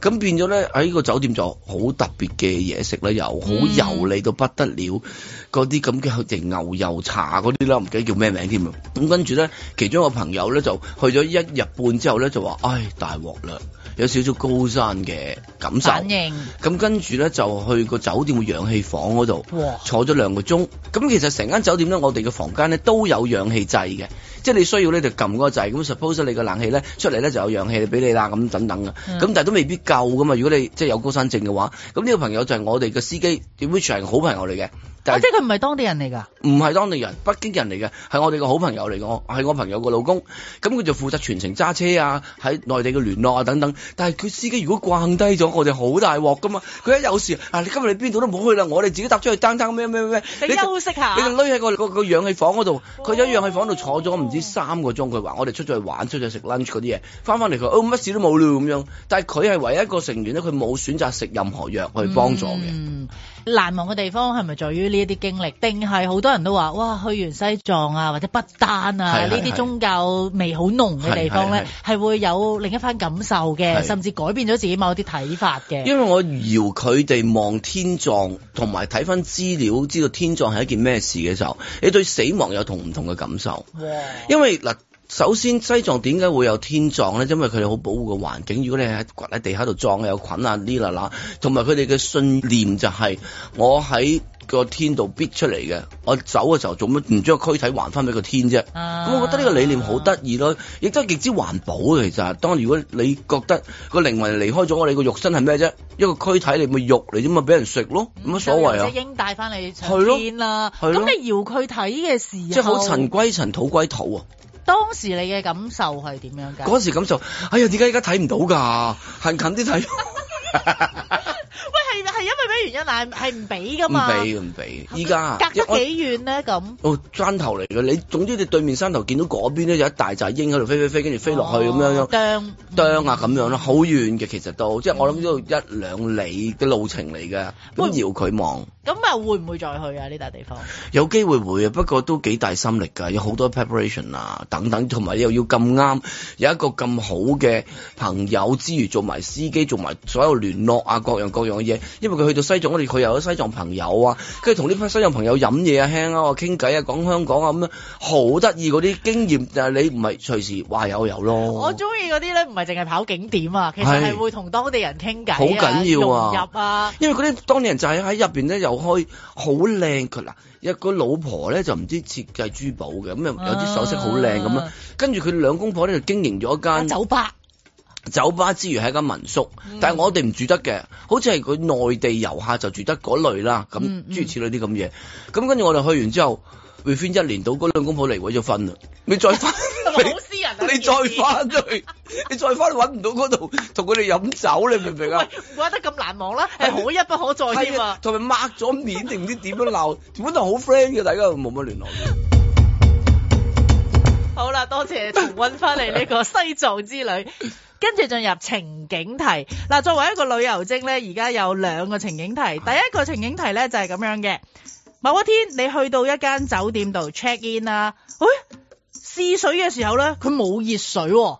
咁變咗咧喺呢個酒店就好特別嘅嘢食咧，又好油膩到不得了。嗯嗰啲咁嘅牛油茶嗰啲啦，唔記得叫咩名添啊！咁跟住咧，其中一個朋友咧就去咗一日半之後咧就話，唉，大鑊啦，有少少高山嘅感受。反應。咁跟住咧就去個酒店嘅氧氣房嗰度，哇坐咗兩個鐘。咁其實成間酒店咧，我哋嘅房間咧都有氧氣掣嘅，即係你需要咧就撳嗰個掣。咁 suppose 你個冷氣咧出嚟咧就有氧氣俾你啦，咁等等嘅。咁、嗯、但係都未必夠噶嘛，如果你即係有高山症嘅話，咁呢個朋友就係我哋嘅司機，點會係好朋友嚟嘅，即係佢。唔係當地人嚟噶，唔係當地人，北京人嚟嘅，係我哋個好朋友嚟嘅，係我朋友個老公。咁佢就負責全程揸車啊，喺內地嘅聯絡啊等等。但係佢司機如果瓜低咗，我哋好大鑊噶嘛。佢一有事啊，你今日你邊度都唔好去啦，我哋自己搭出去單單咩咩咩，你休息下你，你就匿喺、那個那個氧氣房嗰度。佢喺氧氣房度坐咗唔知三個鐘，佢話我哋出咗去玩，出咗食 lunch 嗰啲嘢，翻翻嚟，佢哦，乜、哦、事都冇咯咁樣。但係佢係唯一一個成員咧，佢冇選擇食任何藥去幫助嘅。嗯嗯難忘嘅地方係咪在於呢一啲經歷，定係好多人都話：哇，去完西藏啊，或者不丹啊，呢啲宗教味好濃嘅地方咧，係會有另一番感受嘅，是是甚至改變咗自己某啲睇法嘅。因為我搖佢哋望天葬，同埋睇翻資料，知道天葬係一件咩事嘅時候，你對死亡有不同唔同嘅感受。哇！因為嗱。首先西藏點解會有天葬咧？因為佢哋好保護個環境。如果你喺掘喺地下度葬，有菌啊呢啦啦，同埋佢哋嘅信念就係、是、我喺個天度逼出嚟嘅。我走嘅時候做乜唔將個軀體還翻俾個天啫？咁、啊、我覺得呢個理念好得意咯，亦都係極之環保嘅。其實，當然如果你覺得個靈魂離開咗我哋個肉身係咩啫？一個軀體你咪肉嚟啫嘛，俾人食咯，冇乜、嗯、所謂啊！隻鷹帶翻嚟天啦，咁你搖佢睇嘅時候，即係好塵歸塵，土歸土啊！當時你嘅感受係點樣㗎？嗰時感受，哎呀，點解依家睇唔到㗎？行近啲睇，喂，係係因為咩原因？係係唔俾㗎嘛？唔俾，唔俾。依家隔咗幾遠咧？咁哦，磚頭嚟嘅，你總之你對面山頭見到嗰邊咧，有一大隻鷹喺度飛飛飛，跟住飛落去咁樣樣，啄啄啊咁樣咯，好遠嘅其實都，即係我諗都一兩里嘅路程嚟嘅，咁搖佢望。咁啊，會唔會再去啊？呢笪地方有機會會啊，不過都幾大心力㗎，有好多 preparation 啊等等，同埋又要咁啱有一個咁好嘅朋友之餘，做埋司機，做埋所有聯絡啊，各樣各樣嘅嘢。因為佢去到西藏，我哋佢又有西藏朋友啊，跟住同啲西藏朋友飲嘢啊，傾啊，傾偈啊，講香港啊，咁樣，好得意嗰啲經驗啊，你唔係隨時話有有咯。我中意嗰啲咧，唔係淨係跑景點啊，其實係會同當地人傾偈，啊，好緊要啊，融入啊。因為嗰啲當地人就喺喺入邊咧有。開好靚佢啦，一個老婆咧就唔知設計珠寶嘅，咁又有啲首飾好靚咁啦。啊、跟住佢兩公婆咧就經營咗一間酒吧，酒吧之餘係一間民宿，嗯、但係我哋唔住得嘅，好似係佢內地遊客就住得嗰類啦。咁諸、嗯嗯、如此類啲咁嘢，咁跟住我哋去完之後，未分、嗯、一年到，嗰兩公婆離鬼咗婚啦，你再分。 你再翻去， 你再翻，去搵唔到嗰度同佢哋飲酒，你明唔明啊？唔怪得咁難忘啦，係可是一不可再添啊！同埋抹咗面定唔 知點樣鬧，原本係好 friend 嘅，大家冇乜聯絡。好啦，多謝你重温翻嚟呢個西藏之旅，跟住進入情景題。嗱，作為一個旅遊精咧，而家有兩個情景題。第一個情景題咧就係咁樣嘅：，某一天你去到一間酒店度 check in 啦、啊，哎試水嘅時候呢，佢冇熱水喎，咁、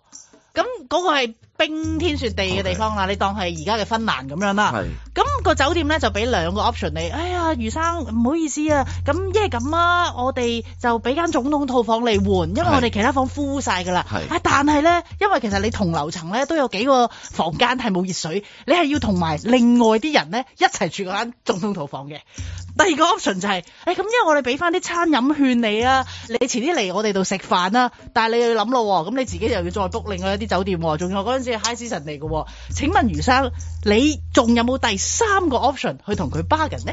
那、嗰個係冰天雪地嘅地方啦，Okay. 你當係而家嘅芬蘭咁樣啦。咁是個酒店呢，就俾兩個 option 你。哎呀，余生唔好意思啊，咁一係咁啊，我哋就俾間總統套房嚟換，因為我哋其他房 full 晒㗎啦。是但係呢，因為其實你同樓層呢，都有幾個房間係冇熱水，你係要同埋另外啲人呢，一齊住一間總統套房嘅。第二個 option 就係、是、咁，因、哎、為我哋俾翻啲餐飲券你啊，你遲啲嚟我哋度食飯、啊、啦。但係你又要諗咯喎，咁你自己又要再 book 另外一啲酒店喎、啊。仲有嗰陣時 high season 嚟嘅、啊。請問余生，你仲有冇第三個 option 去同佢 bargain 呢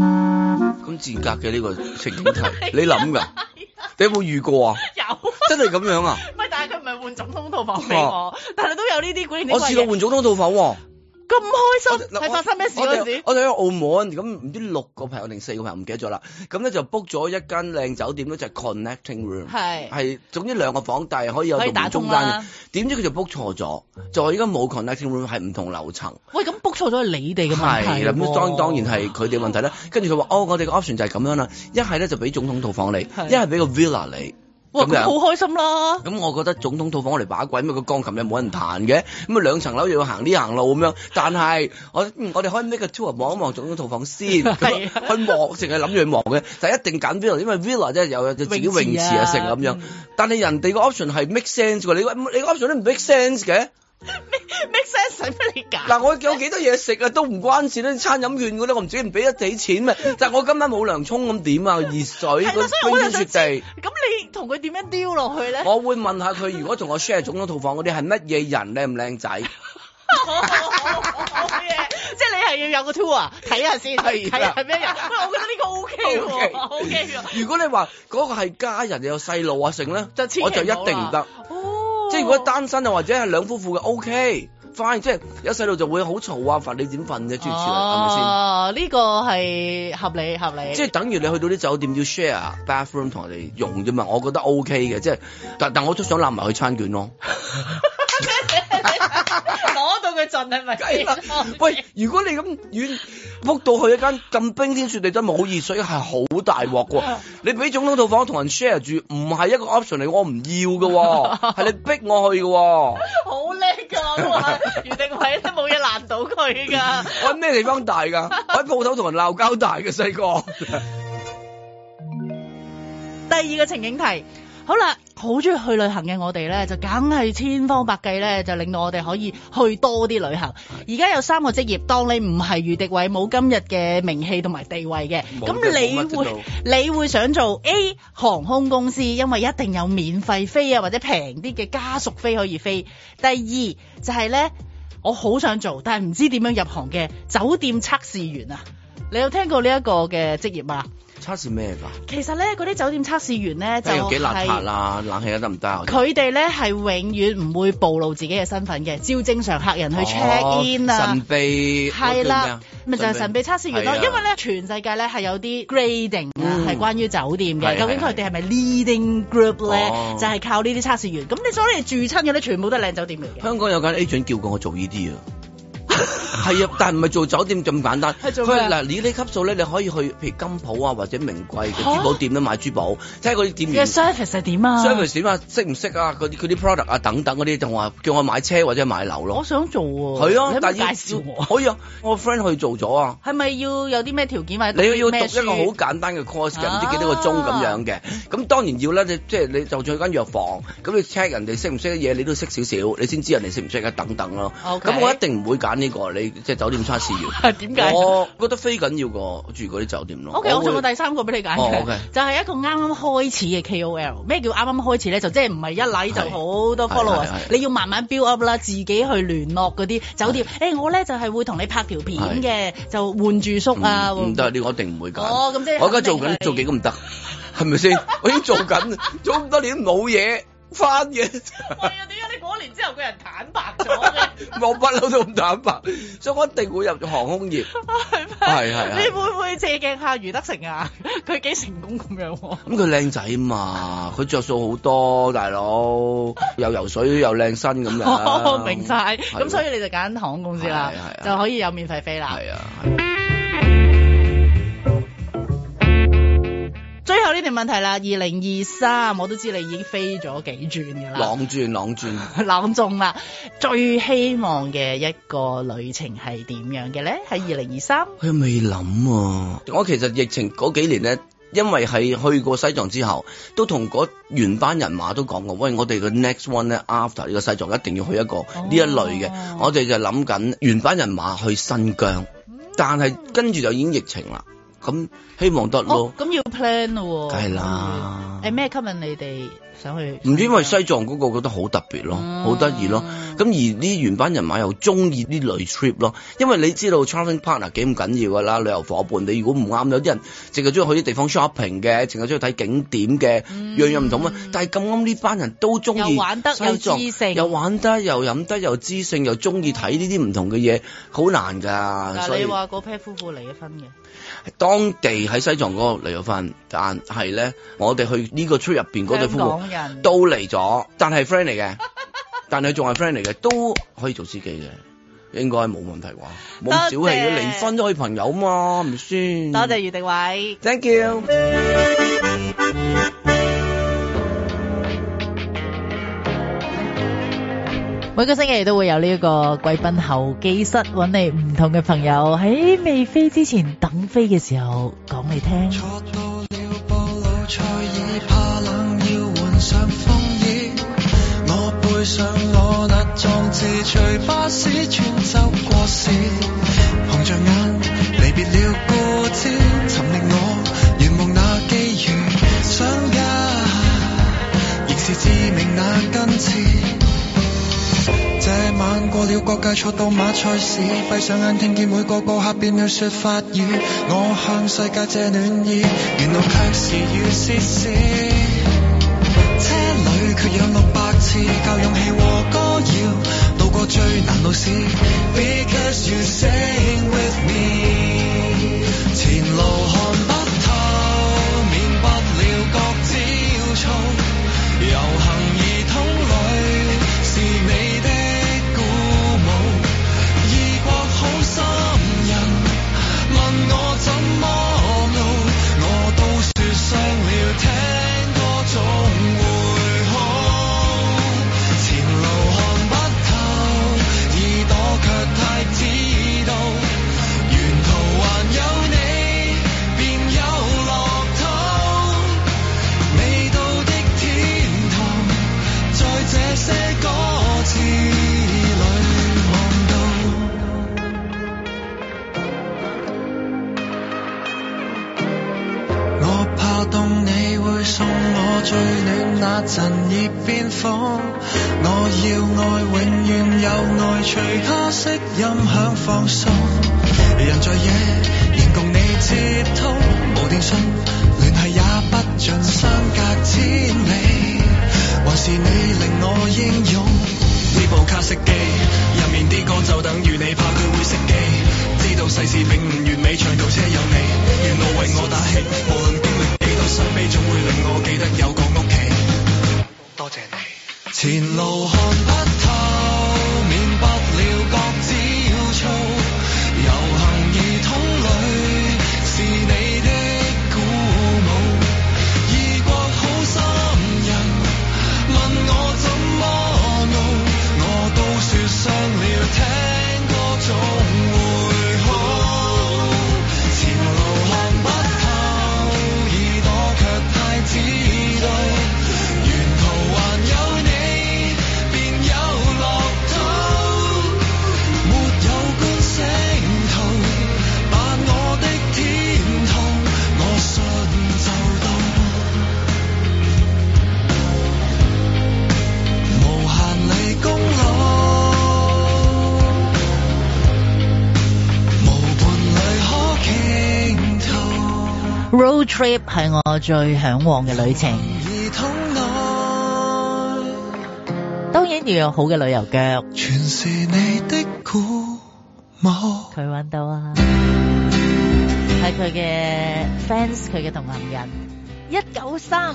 咁賤格嘅呢、這個情景， 你諗㗎？ 你有冇遇過啊？ 有、啊，真係咁樣啊？喂但係佢唔係換總統套房俾我，啊、但係都有呢啲。我試過換總統套房、啊。咁，開心係發生咩事？嗰陣時我哋喺澳門，咁唔知六個朋友定四個朋友，唔記得咗啦。咁咧，就 book 咗一間靚酒店咧，就係、係、connecting room 係。係係，總之兩個房，但係可以有棟中間嘅。可以打通啦。點知佢就 book 錯咗，就依家冇 connecting room，係唔同樓層。喂，咁 book 錯咗係你哋嘅問題。係啦，咁當當然係佢哋問題啦。跟住佢話：哦，我哋嘅 option 就係咁樣啦，一係咧就俾總統套房你，的一係俾個 villa 你。好開心啦！咁我覺得總統套房我嚟把鬼，因為個鋼琴又冇人彈嘅，咁啊兩層樓又要行呢行路咁樣。但係我、嗯、我哋可以 make a tour 望一望總統套房先， 去望，淨係諗住去望嘅，就一定揀 villa，因為 villa 即係有就自己泳池啊成咁樣。但係人哋個 option 係 make sense 喎，你個 option 都唔 make sense 嘅。咩咩聲使乜你搞？嗱， 我有幾多嘢食啊，都唔關事啦，餐飲券嗰啲，我唔知唔俾得幾錢咩？但係我今晚冇涼沖咁點啊，熱水嗰 的冰天雪地，咁你同佢點樣丟落去咧？ 我會問下佢，如果同我 share 總統套房嗰啲係乜嘢人靚唔靚仔？好 好好，乜嘢？ 即係你係要有個 tour 睇下先睇下，係係咩人？不過 我覺得呢個 O K 喎，O K，如果你話嗰個係家人有細路啊，成咧，我就一定唔得。即係如果單身又或者係兩夫婦嘅，OK 反而即係有細路就會好嘈啊！發你點瞓啫諸如此類咁先？哦、啊，呢個係合理合理。合理即係等於你去到啲酒店要 share bathroom 同人哋用啫嘛，我覺得 OK 嘅。即係但但我都想攬埋去餐券咯。 陣係咪喂，如果你咁遠撲 到去一間咁冰天雪地得冇熱水，係好大鑊噶！ 你俾總統套房同人 share 住，唔係一個 option 嚟，我唔要噶喎，係 你逼我去噶喎。 好叻噶，余定偉都冇嘢難到佢噶。喺 咩 地方大噶？喺鋪頭同人鬧交大嘅細個。 第二個情景題，好啦。好中意去旅行嘅我哋呢，就梗係千方百計呢，就令到我哋可以去多啲旅行。而家是有三個職業，當你唔係余迪偉，冇今日嘅名氣同埋地位嘅，咁有你會你會想做 A 航空公司，因為一定有免費飛啊，或者平啲嘅家屬飛可以飛。第二就係、是、呢，我好想做，但係唔知點樣入行嘅酒店測試員啊！你有聽過呢一個嘅職業嗎？測試咩㗎？其實咧，嗰啲酒店測試員咧就係幾邋遢啦，冷氣得唔得？佢哋咧係永遠唔會暴露自己嘅身份嘅，招正常客人去 check in 啊，哦、神秘係啦，咪的就係神秘測試員咯。啊、因為咧，全世界咧係有啲 grading 啊，係、嗯、關於酒店嘅，究竟佢哋係咪 leading group 咧，哦、就係靠呢啲測試員。咁你所有你住親嘅咧，全部都係靚酒店嚟嘅。香港有間 agent 叫過我做呢啲啊。係啊， 但係唔係做酒店咁簡單。佢嗱，你呢級數咧，你可以去譬如金鋪啊，或者名貴嘅珠寶店都、啊、買珠寶，睇下嗰啲店員 service 係點啊？service 點啊？識唔識啊？嗰啲啲 product 啊，啊 product 等等嗰啲，同話叫我買車或者買樓咯。 的我想做啊。啊，但係要可以啊。我 friend 去做咗啊。係咪要有啲咩條件要你要要讀一個好簡單嘅 course 啊，唔知幾多個鐘咁樣嘅。咁、啊、當然要啦，你即係你就做間藥房，咁你 check 人哋識唔識嘅嘢，你都識少少，你先知人哋識唔識嘅等等咯。咁我一定唔會揀。呢個你即係酒店差事，點解，我覺得非緊要過住嗰啲酒店咯。OK，我送個第三個俾你揀，就係一個啱啱開始嘅 KOL。咩叫啱啱開始咧？就即係唔係一嚟就好多 followers，你要慢慢 build up 啦，自己去聯絡嗰啲酒店。誒，我咧就係會同你拍條片嘅，就換住宿啊。唔得，呢個一定唔會搞。我咁即我而家做緊做幾個唔得，係咪先？我已經做緊做咁多年冇嘢。翻嘅，喂，點解你過年之後個人坦白咗嘅？我不嬲都咁坦白，所以我一定會入咗航空業。係嘛？係係啊！你會唔會借鏡下馮德誠啊？佢幾成功咁樣？咁佢靚仔嘛，佢著數好多，大佬又游水又靚身咁樣。哦，明晒。咁所以你就揀航空公司啦，就可以有免費飛啦。係啊。最後呢條問題啦，二零二三我都知你已經飛咗幾轉㗎啦，朗轉朗轉朗中啦，最希望嘅一個旅程係點樣嘅咧？喺二零二三，佢未諗啊！我其實疫情嗰幾年咧，因為係去過西藏之後，都同嗰原班人馬都講過，喂，我哋嘅 next one 咧，after 呢個西藏一定要去一個呢一類嘅，哦、我哋就諗緊原班人馬去新疆，嗯、但係跟住就已經疫情啦。咁希望得咯。咁、哦、要 plan 咯，梗係啦。誒咩吸引你哋想去？唔知因為西藏嗰個覺得好特別咯，好得意咯。咁而啲原班人馬又中意呢類 trip 咯，因為你知道 travelling partner 幾咁緊要㗎啦，旅遊伙伴。你如果唔啱，有啲人淨係中意去啲地方 shopping 嘅，淨係中意睇景點嘅，樣樣唔同啊。但係咁啱呢班人都中意西藏，又玩得又知性，又玩得又飲得又知性，又中意睇呢啲唔同嘅嘢，好、嗯、難㗎。所以、啊、你話嗰批夫婦離咗婚嘅。當地喺西藏嗰度離咗婚但係咧，我哋去呢個 trip 入面嗰對夫人都嚟咗，但係 friend 嚟嘅， 但係仲係 friend 嚟嘅，都可以做司機嘅，應該冇問題啩，冇咁小氣，離婚都可以朋友嘛，唔算。多謝余定偉，Thank you。每個星期都會有呢一個貴賓候機室，揾你唔同嘅朋友喺未飛之前，等飛嘅時候講你聽。坐到了這晚過了國界，坐到馬賽市，閉上眼聽見每個過客變了說法語。我向世界借暖意，原來卻是雨絲絲。車裏缺氧六百次，夠勇氣和歌謠渡過最難事。Because you sing with. 那陣熱變風，我要愛永遠有愛，隨卡式音響放鬆。人在夜仍共你接通，無電信聯繫也不盡，相隔千里還是你令我英勇。呢部卡式機入面啲歌就等於你，怕佢會熄機。知道世事並唔完美，長途車有你，沿路為我打氣。無論經歷幾多傷悲，總會令我記得有個屋企。前路看不透。trip 係我最向往嘅旅程，當然要有好嘅旅遊腳。全是你的鼓舞，佢揾到啊！係佢嘅 fans，佢嘅同行人一九三，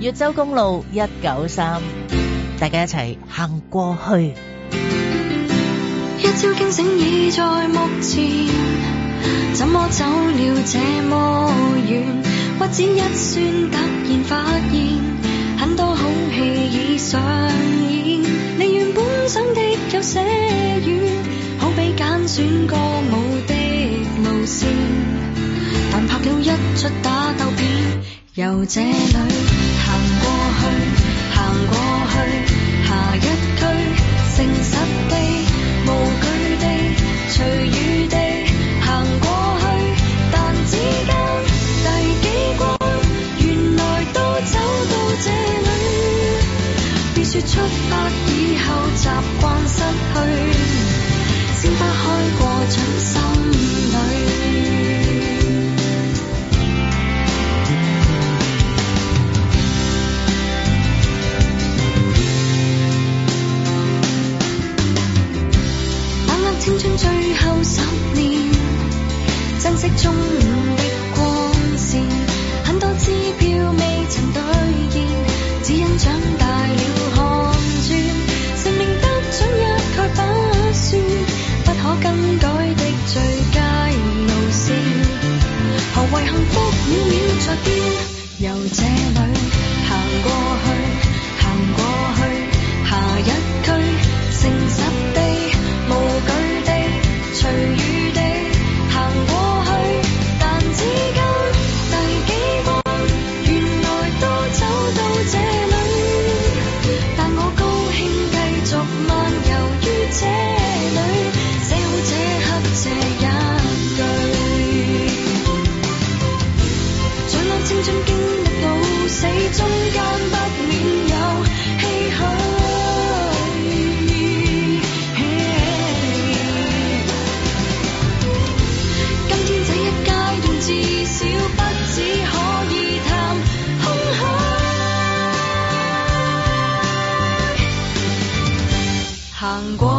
越州公路一九三，大家一齊行過去。一朝驚醒已在目前。怎麼走了這麼遠？屈指一算，突然發現很多好戲已上演。你原本想的有些遠，好比揀選歌舞的路線，但拍了一出打鬥片，由這裏行過去，行過去，下一區，誠實的。出發以後習慣失去，先花開過掌心裏。把握青春最後十年，珍惜中的光線。青春經歷到死，中間不免有唏噓。今天這一階段至少不止可以探空虛。行過。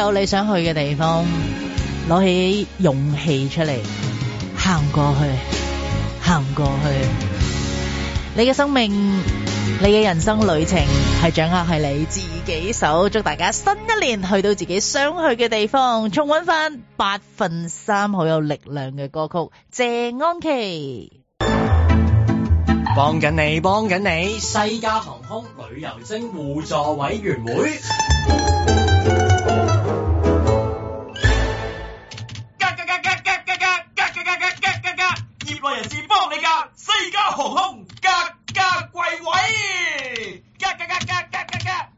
有你想去嘅地方，攞起勇氣出嚟，行過去，行過去。你嘅生命，你嘅人生旅程係掌握係你自己手。祝大家新一年去到自己想去嘅地方，重溫翻八分三好有力量嘅歌曲。謝安琪，幫緊你，幫緊你，西加航空旅遊精互助委員會。業內人士幫你噶，西加航空格價貴位，加加加加加加加。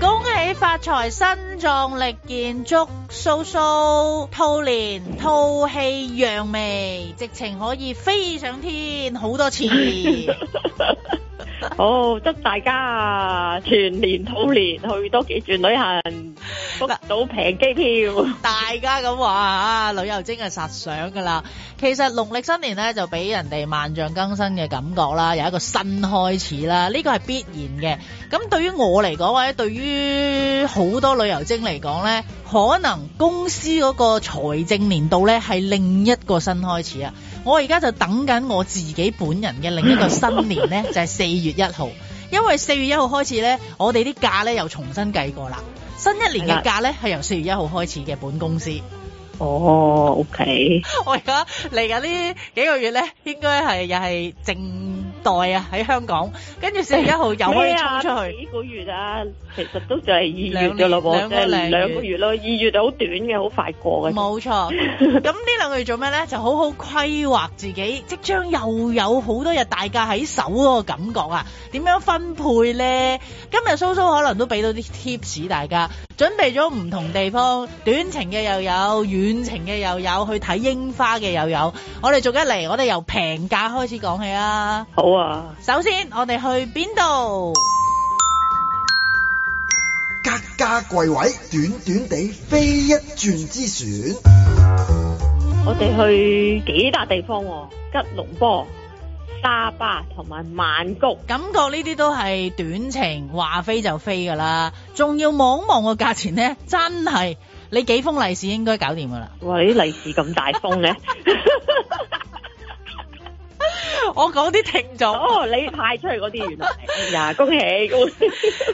恭喜發財，新壯力建築蘇蘇兔年吐氣揚眉，直情可以飛上天，好多次。 好、 哦，祝大家全年兔年去多幾轉旅行，搵到平機票。 大家咁話啊，旅遊精係實想噶啦。其實農曆新年呢，就俾人哋萬象更新嘅感覺啦，有一個新開始啦。呢個係必然嘅。咁對於我嚟講，或者對於好多旅遊精嚟講呢，可能公司嗰個財政年度呢，係另一個新開始啊。我而家就等緊我自己本人嘅另一個新年呢，就係四月一號，因為四月一號開始呢，我哋啲假呢又重新計過啦。新一年嘅假呢，係由四月一號開始嘅本公司。哦，OK。我而家嚟緊呢幾個月呢，應該係又係正。代啊喺香港，跟住四月一號又可以衝出去。幾個月啊，其實都就係二月嘅咯喎，兩個月咯，二月就好短嘅，好快過嘅。冇錯，咁呢兩個月做咩咧？就好好規劃自己，即將又有好多日大假喺手嗰個感覺啊！點樣分配咧？今日蘇蘇可能都俾到啲 tips 大家，準備咗唔同地方，短程嘅又有，遠程嘅又有，去睇櫻花嘅又有。我哋仲一嚟，我哋由平價開始講起啊！好。首先，我哋去邊度？格價櫃位，短短地飛一轉之選。我哋去幾笪地方，啊？吉隆坡、沙巴同埋曼谷，感覺呢啲都係短程，話飛就飛噶啦。仲要望望個價錢咧，真係你幾封利是應該搞掂噶啦。哇！啲利是咁大封嘅。 我講啲聽咗，哦，你派出去嗰啲原來，哎、呀，恭喜恭喜！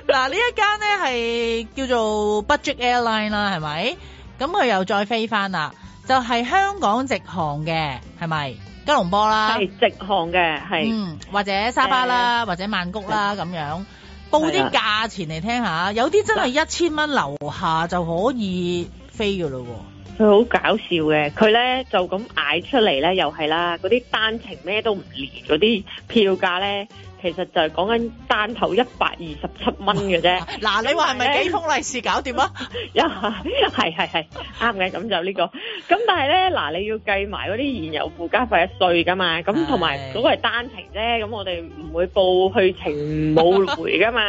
嗱， 呢一間咧係叫做 Budget Airline 啦，係咪？咁佢又再飛翻啦，就係、是、香港直航嘅，係咪？吉隆坡啦，係直航嘅，係，嗯，或者沙巴啦，呃、或者曼谷啦咁樣，報啲價錢嚟聽下，的有啲真係一千蚊樓下就可以飛㗎咯喎。佢好搞笑嘅，佢咧就咁嗌出嚟咧，又係啦，嗰啲單程咩都唔連，嗰啲票價咧，其實就係講緊單頭一百二十七蚊嘅啫。嗱，你話係咪幾封利是搞掂啊？呀， 係係係，啱嘅，咁就呢個。咁但係咧，嗱，你要計埋嗰啲燃油附加費一稅噶嘛？咁同埋嗰個係單程啫，咁我哋唔會報去程冇回噶嘛，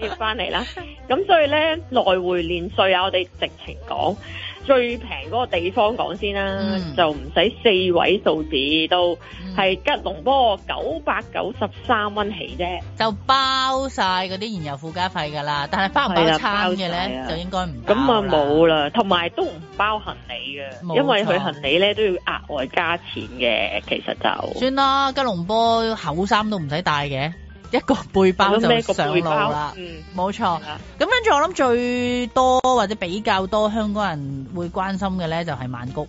跟住翻嚟啦。咁所以咧，來回連稅啊，我哋直情講。最平嗰個地方講先啦，就唔使四位數字，都係吉隆坡九百九十三蚊起啫，就包曬嗰啲燃油附加費㗎啦。但係包唔包餐嘅咧，就應該唔包。咁啊冇啦，同埋都唔包行李嘅，因為佢行李咧都要額外加錢嘅。其實就算啦，吉隆坡厚衫都唔使帶嘅。一個背包就上路啦，嗯、冇錯。咁跟住我諗最多或者比較多香港人會關心嘅咧，就係曼谷，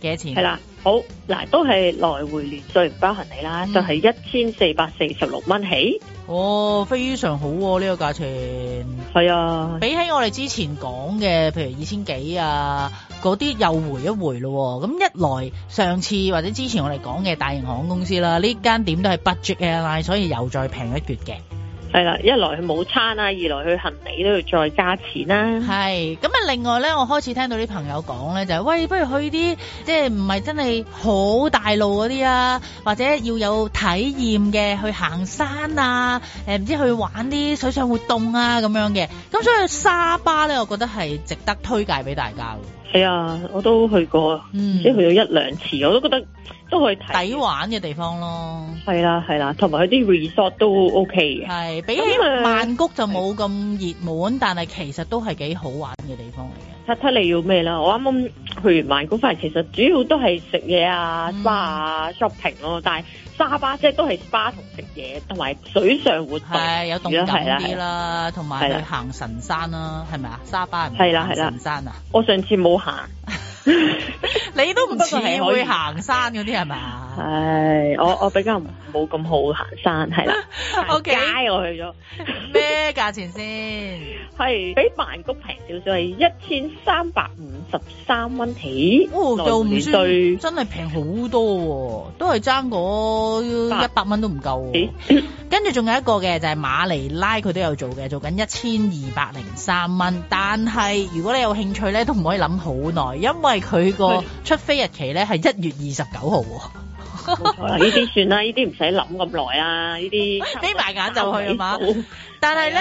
幾多錢？係啦，好，嗱，都係來回連稅，唔包行李啦，就係一千四百四十六蚊起。嗯哦，非常好喎！呢個價錢係啊，這個、啊比起我哋之前講嘅，譬如二千幾啊嗰啲又回一回咯。咁一來，上次或者之前我哋講嘅大型航空公司啦，呢間點都係 budget 嘅 line，所以又再平一橛嘅。係啦，一來去冇餐啊，二來去行李都要再加錢啦。係，咁啊另外咧，我開始聽到啲朋友講咧，就係喂，不如去啲即係唔係真係好大路嗰啲啊，或者要有體驗嘅去行山啊，誒唔知去玩啲水上活動啊咁樣嘅，咁所以沙巴咧，我覺得係值得推介俾大家嘅。係啊，我都去過，即去咗一兩次，嗯、我都覺得都可以睇抵玩嘅地方咯。係啦，啊，係啦，啊，同埋佢啲 resort 都 OK 嘅，係比起曼谷就冇咁熱門。么但係其實都係幾好玩嘅地方嚟嘅。睇睇你要咩啦，我啱啱去完曼谷翻，其實主要都係食嘢啊、花啊、嗯、shopping 咯，但沙巴即係都係巴同食嘢，同埋水上活動，係有動感啲啦，同埋行神山啦，係咪啊？沙巴係咪？係啦，係啦。神山啊？我上次冇行。 你都唔似會行山嗰啲係嘛？係，我我比較冇咁好行山，係啦。 o Okay K，我去咗咩價錢先？係 比曼谷平少少，係一千三百五十三蚊起。哦，又唔算 真係平好多，啊，都係爭嗰一百蚊都唔夠，啊。 跟住仲有一個嘅就係、是、馬尼拉，佢都有做嘅，做緊一千二百零三蚊。但係如果你有興趣咧，都唔可以諗好耐，因為。佢個出飛日期咧係一月二十九號喎，呢啲算啦，呢啲唔使諗咁耐啊，呢啲瞇埋眼就去啊嘛。 但係咧，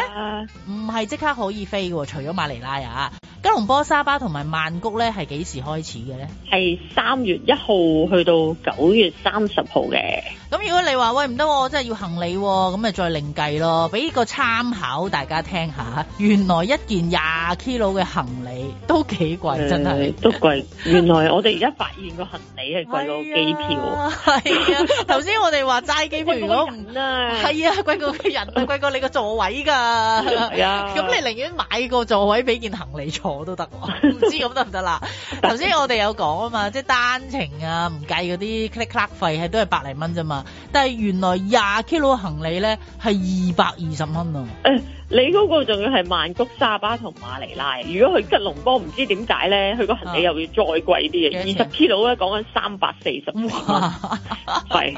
唔係即刻可以飛嘅，除咗馬尼拉啊，吉隆坡、沙巴同埋曼谷咧，係幾時開始嘅咧？係三月一號去到九月三十號嘅。咁如果你話喂唔得，我真係要行李，咁咪再另計咯。俾個參考大家聽下，原來一件廿 kilo 嘅行李都幾貴，真係、嗯、都貴。原來我哋而家發現個行李係貴過機票。係啊，頭先、 啊、我哋話齋機票，我唔到啊。係啊，貴過個人、啊，貴過你個座位。抵噶，咁、啊、 你寧願買個座位俾件行李坐都得喎，唔 知咁得唔得啦？頭先 我哋有講啊嘛， 即係單程啊，唔計嗰啲 click c l a c k 費係都係百零蚊啫嘛，但係原來廿 kilo 行李咧係二百二十蚊啊！誒、哎，你嗰個仲要係曼谷沙巴同馬尼拉，如果去吉隆坡，唔知點解咧，佢個行李又要再貴啲嘅二十 kilo 呢講咧講緊三百四十蚊，係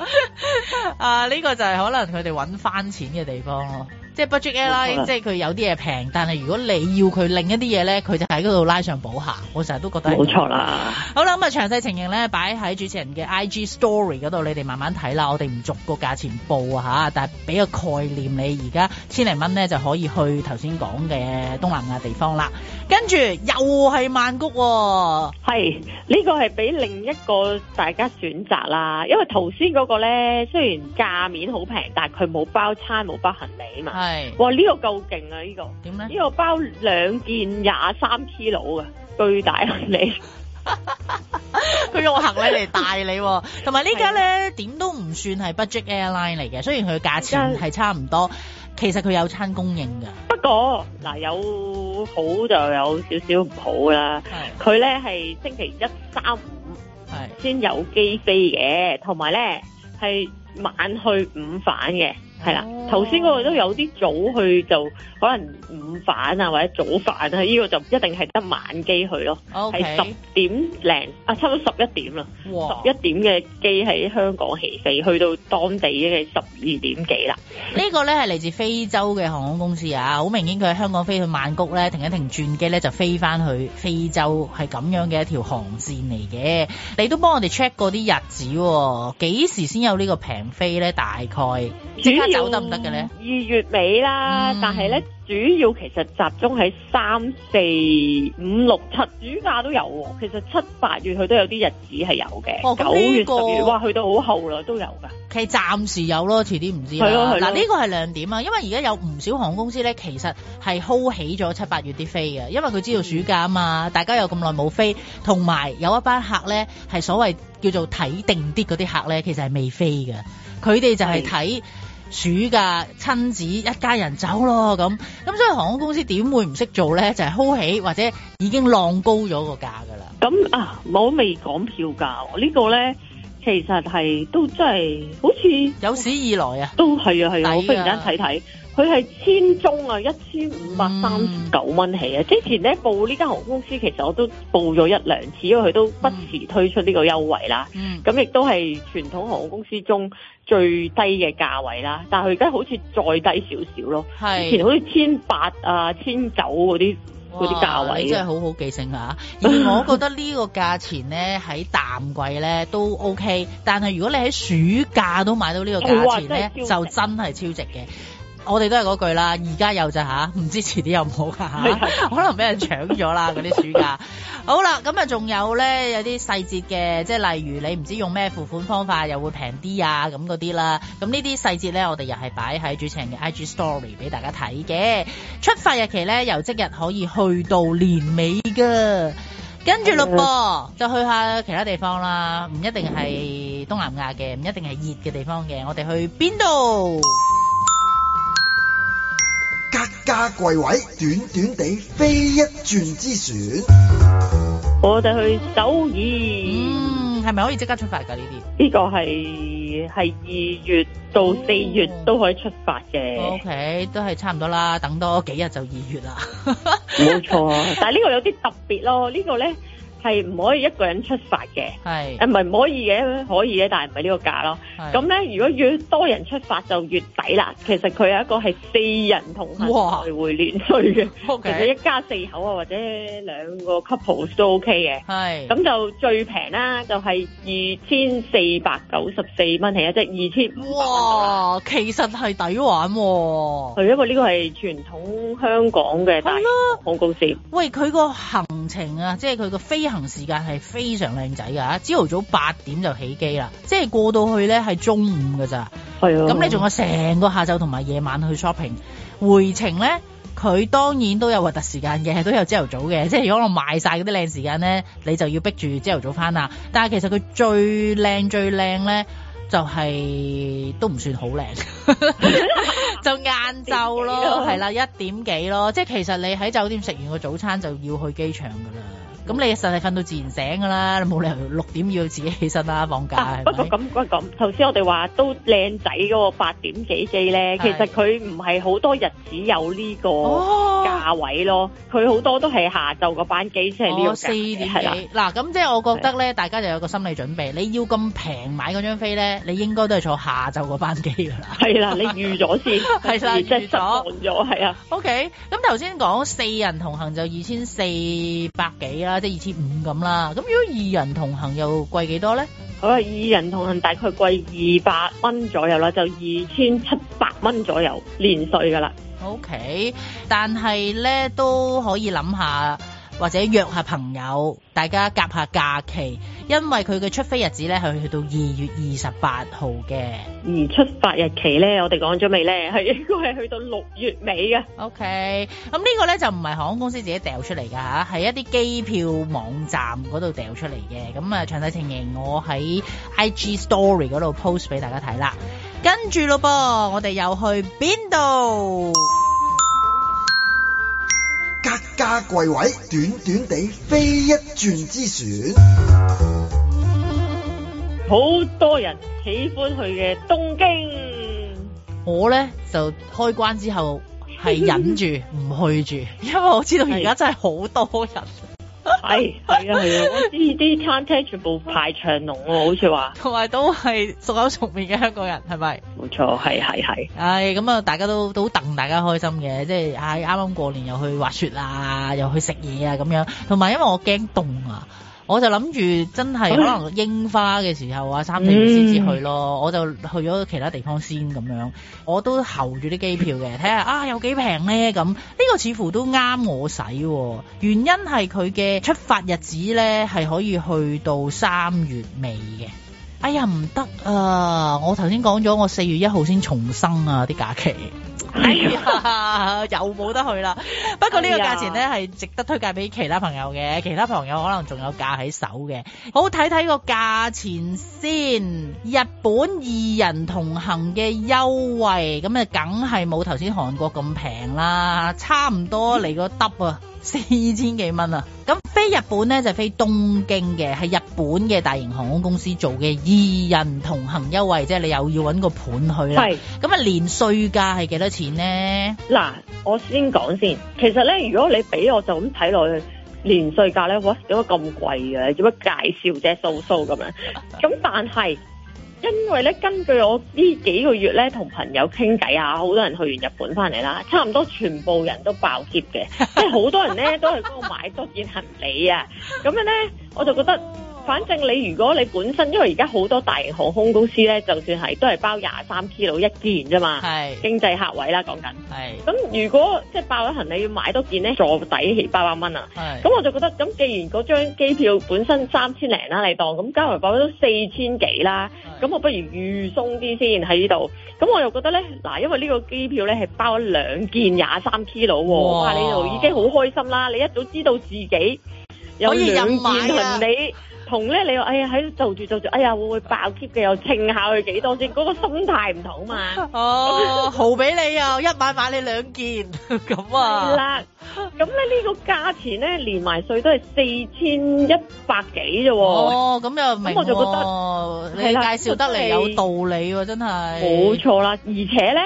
啊，呢個就係可能佢哋搵翻錢嘅地方咯。Li, 即係 budget airline，即係佢有啲嘢平，但係如果你要佢另一啲嘢咧，佢就喺嗰度拉上補下。我成日都覺得冇錯啦。錯好啦，咁啊，詳細情形咧，擺喺主持人嘅 IG story 嗰度，你哋慢慢睇啦。我哋唔逐個價錢報啊嚇，但係俾個概念你。而家千零蚊咧就可以去頭先講嘅東南亞地方啦。跟住又係曼谷、哦，係，呢個係俾另一個大家選擇啦。因為頭先嗰個咧雖然價面好平，但係佢冇包餐冇包行李啊嘛。是哇！這個夠這個、呢個夠勁啊！呢個點咧？呢個包兩件廿三 kilo 嘅，巨大行李，佢 用行李嚟帶你、啊。同埋 呢家咧點都唔算係 budget airline 嚟嘅，雖然佢價錢係差唔多，的其實佢有餐供應嘅。的不過嗱有好就有少少唔好啦。佢咧係星期一三五係先有機飛嘅，同埋咧係晚去午返嘅。係啦，頭先嗰個都有啲早去，就可能午飯啊或者早飯啊，呢個就一定係得晚機去咯。係十 Okay. 點零啊，差唔多十一點啦。十一哇點嘅機喺香港起飛，去到當地嘅十二點幾啦。呢個呢係嚟自非洲嘅航空公司啊，好明顯佢喺香港飛去曼谷呢，停一停轉機呢，就飛翻去非洲，係咁樣嘅一條航線嚟嘅。你都幫我哋 check 過啲日子、啊，幾時先有呢個平飛呢？大概？走得唔得嘅咧？二月尾啦，嗯、但係咧主要其實集中喺三四五六七暑假都有、啊。其實七八月佢都有啲日子係有嘅。哦，九月、這個、十月哇，去到好後啦，都有噶。其實暫時有咯，遲啲唔知啦。嗱，呢個係亮點啊，因為而家有唔少航空公司咧，其實係 hold 起咗七八月啲飛嘅，因為佢知道暑假啊嘛，嗯、大家有咁耐冇飛，同埋有一班客咧係所謂叫做睇定啲嗰啲客咧，其實係未飛嘅，佢哋就係睇。暑假親子一家人走咯咁，咁所以航空公司點會唔識做咧？就係、是、hold 起或者已經浪高咗個價噶啦。咁啊，我未講票價，這個、呢個咧其實係都真係好似有史以來啊，都係啊係啊，啊啊我忽然間睇睇。佢係千中啊，一千五百三十九蚊起啊！嗯、之前咧報呢間航空公司，其實我都報咗一兩次，因為佢都不時推出呢個優惠啦。咁亦都係傳統航空公司中最低嘅價位啦。但係佢而家好似再低少少咯。係以前好似千八啊、千九嗰啲嗰啲價位，真係好好記性啊！而我覺得個價呢個價錢咧喺淡季咧都 OK，但係如果你喺暑假都買到個價呢個價錢咧，真就真係超值嘅。.我哋都係嗰句啦，而家有咋嚇，唔知遲啲有冇啊？可能俾人搶咗啦嗰啲暑假。 好啦，咁啊仲有咧，有啲細節嘅，即係例如你唔知用咩付款方法又會平啲啊，咁嗰啲啦。咁呢啲細節咧，我哋又係擺喺主持人嘅 IG Story 俾大家睇嘅。出發日期咧由即日可以去到年尾噶，跟住咯噃，就去下其他地方啦，唔一定係東南亞嘅，唔一定係熱嘅地方嘅。我哋去邊度？客家櫃位，短短地飛一轉之船。我哋去首爾，嗯，係咪可以即刻出發噶？呢啲呢個係係二月到四月都可以出發嘅。嗯、o、okay, K，都係差唔多啦，等多幾日就二月啦。冇 錯錯， 但係呢個有啲特別咯，這個、呢個咧。係唔可以一個人出發嘅，係唔係唔可以嘅？可以嘅，但係唔係呢個價咯。咁咧是，如果越多人出發就越抵啦。其實佢有一個係四人同行來回連稅嘅，Okay. 其實一家四口啊，或者兩個 couple 都 OK 嘅。咁是就最平啦，就係二千四百九十四蚊起，即係，二千。2, 哇，其實係抵玩喎。係因為呢個係傳統香港嘅航空公司喂，佢個行程啊，即係佢個飛。行時間係非常靚仔噶朝頭早八點就起機啦，即係過到去呢係中午噶咋，係啊，咁你仲有成個下晝同埋夜晚去 shopping，回程呢，佢當然都有核突時間嘅，都有朝頭早嘅，即係如果我賣晒嗰啲靚時間呢，你就要逼住朝頭早翻啦。但係其實佢最靚最靚呢，就係、是、都唔算好靚， 就晏晝咯，係啦一點幾咯，即係其實你喺酒店食完個早餐就要去機場噶啦。咁你一實係瞓到自然醒噶啦，你冇理由六點要自己起身啦，放假。不過咁，嗰個咁頭先我哋話都靚仔嗰個八點幾機咧，是其實佢唔係好多日子有呢個價位咯，佢好、哦、多都係下晝個班機、哦啊啊、即係呢個四點幾嗱咁即係我覺得咧，是大家就有個心理準備，你要咁平買嗰張飛咧，你應該都係坐下晝個班機噶啦。係啦、啊，你預咗先預，係啦，預咗，預咗，係啊。O K，咁頭先講四人同行就二千四百幾啦。即係二千五咁啦，咁如果二人同行又貴幾多咧？好啦，二人同行大概貴二百蚊左右啦，就二千七百蚊左右，連稅噶啦。OK，但係咧都可以諗下。或者約下朋友，大家夾下假期，因為佢嘅出飛日子咧係去到二月二十八號嘅，而出發日期咧，我哋講咗未咧，係應該係去到六月尾嘅。OK，咁呢個咧就唔係航空公司自己掉出嚟噶吓，係一啲機票網站嗰度掉出嚟嘅。咁啊，詳細情形我喺 IG Story 嗰度 post 俾大家睇啦。跟住咯噃，我哋又去邊度？各家貴位，短短地飛一轉之選。好多人喜歡去嘅東京，我呢就開關之後係忍住唔 去住，因為我知道而家真係好多人。的 係，係啊、 哎，係啊，我知啲餐廳全部排長龍喎，好似話，同埋都係熟口熟面嘅香港人，係咪？冇錯，係，係，係、哎，唉，咁啊，大家都都戥大家開心嘅，即係唉，啱、哎、啱過年又去滑雪啊，又去食嘢啊，咁樣，同埋因為我驚凍啊。我就諗住真係可能櫻花嘅時候啊，三四月先至去咯。嗯、我就去咗其他地方先咁樣，我都候住啲機票嘅，睇下啊有幾平咧咁。呢、呢個似乎都啱我使、啊，原因係佢嘅出發日子咧係可以去到三月尾嘅。哎呀唔得啊！我頭先講咗我四月一號先重生啊啲假期。哎呀又冇得去啦。不過呢個價錢呢，係值得推介俾其他朋友嘅，其他朋友可能仲有價喺手嘅。好，睇睇個價錢先，日本二人同行嘅優惠，咁啊，梗係冇頭先韓國咁平啦，差唔多嚟個 double 四千幾蚊啊！咁飛日本咧就是、飛東京嘅，係日本嘅大型航空公司做嘅二人同行優惠，即、就、係、是、你又要揾個伴去啦。係咁啊，年稅價係幾多錢咧？嗱，我先講先。其實咧，如果你俾我就咁睇落去，年稅價咧，哇，點解咁貴嘅？做乜介紹啫，so so 咁樣？咁 但係。因為咧，根據我呢幾個月咧同朋友傾偈啊，好多人去完日本翻嚟啦，差唔多全部人都爆貼嘅， 即係好多人咧都係嗰度買多件行李啊，咁樣咧我就覺得。反正你如果你本身因為而家好多大型航空公司咧，就算係都係包廿三 kilo 一件啫嘛，係是經濟客位啦講緊，係咁是如果即係包咗行李要買多件咧，坐底起八百蚊啊，咁是我就覺得咁既然嗰張機票本身三千零啦，你當咁加埋包咗都四千幾啦，咁是我不如預鬆啲先喺呢度，咁我又覺得咧嗱，因為呢個機票咧係包咗兩件廿三 kilo 哇！我怕你又已經好開心啦，你一早知道自己有兩件可以行李同咧，你話哎呀喺度做住做住，哎呀會唔會爆 keep 嘅？又稱下佢幾多先？嗰個心態唔同嘛。哦，豪俾你又一晚買你兩件咁啊。係啦，咁咧呢個價錢咧連埋稅都係四千一百幾啫喎。哦，咁又平喎。係啦，我就覺得你介紹得嚟有道理喎，真係。冇錯啦，而且咧。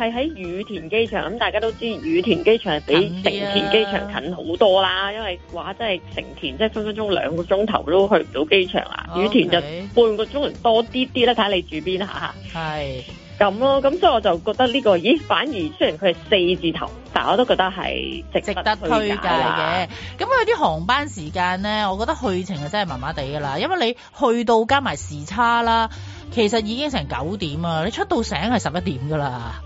係喺羽田機場，咁大家都知羽田機場係比成田機場近好多啦，啊、因為話真係成田即係分分鐘兩個鐘頭都去唔到機場啦，oh, okay 羽田就半個鐘頭多啲啲啦。睇下你住邊下係咁咯，咁是所以我就覺得呢、呢個咦反而雖然佢係四字頭，但我都覺得係值得推介嘅。咁有啲航班時間咧，我覺得去程就真係麻麻地噶啦，因為你去到加埋時差啦，其實已經成九點啊，你出到醒係十一點噶啦。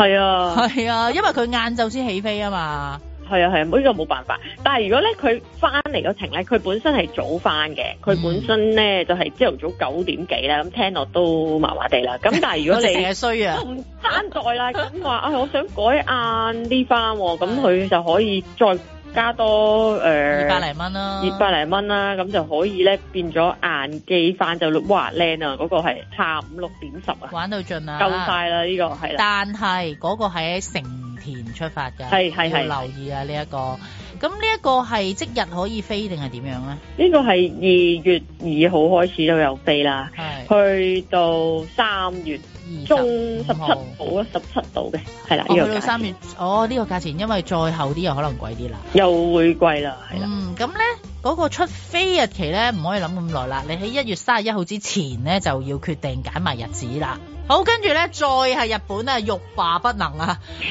係啊，係啊，因為佢晏晝先起飛啊嘛。係啊係啊，冇呢、啊呢個冇辦法。但係如果咧佢翻嚟嗰程咧，佢本身係早翻嘅，佢、嗯、本身咧就係朝頭早九點幾啦。咁聽落都麻麻地啦。咁 但係如果你成衰啊，唔擔待啦。咁話啊，我想改晏啲翻，咁佢 就可以再。加多誒、呃、二百零蚊啦，二百零蚊啦，咁就可以咧，變咗晏機翻就哇靚啊！嗰、嗰個係下午六點十啊，玩到盡啦，夠曬啦，呢個係啦。但係嗰個係喺成田出發嘅，係係係要留意啊呢一、個。咁呢一個係即日可以飛定係點樣咧？呢個係二月二號開始都有飛啦，係去到三月二十十七號啦，十七度嘅係啦。哦，去到三月哦呢個價錢，因為再後啲又可能貴啲啦，又會貴啦。係啦。嗯，咁咧嗰個出飛日期咧唔可以諗咁耐啦，你喺一月三十一號之前咧就要決定揀埋日子啦。好，跟住咧，再係日本啊，欲罷不能啊！ 呢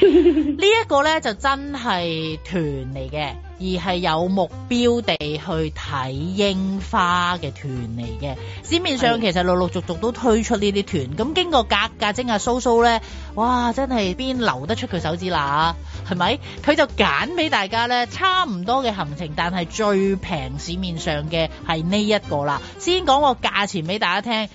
一個咧就真係團嚟嘅。而係有目標地去睇櫻花嘅團嚟嘅，市面上其實陸陸續續都推出呢啲團，咁的經過格價精啊蘇蘇呢，哇！真係邊流得出佢手指啦，係咪？佢就揀俾大家呢，差唔多嘅行程，但係最平市面上嘅係呢一個啦。先講個價錢俾大家聽，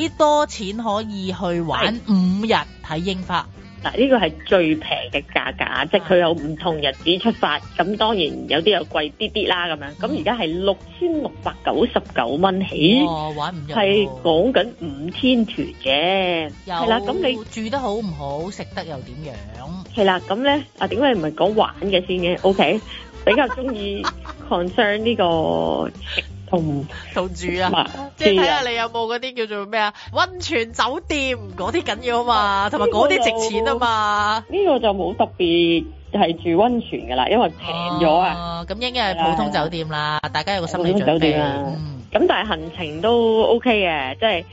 幾多錢可以去玩五日睇櫻花？嗱，呢個係最平嘅價格，即係佢有唔同日子出發，咁當然有啲又貴啲啲啦咁樣。咁而家係六千六百九十九蚊起，哦、玩唔遊？係講緊五天團嘅，係又啦。咁你住得好唔好，食得又點樣？係啦，咁咧啊，點解唔係講玩嘅先嘅？OK，比較中意 concern 呢個。 同同住啊，即係睇下你有冇嗰啲叫做咩啊溫泉酒店嗰啲緊要啊嘛，同埋嗰啲值錢啊嘛。呢個就冇特別係住溫泉噶啦，因為平咗啊。咁應該係普通酒店啦，大家有個心理準備。咁但係行程都 OK 嘅，即係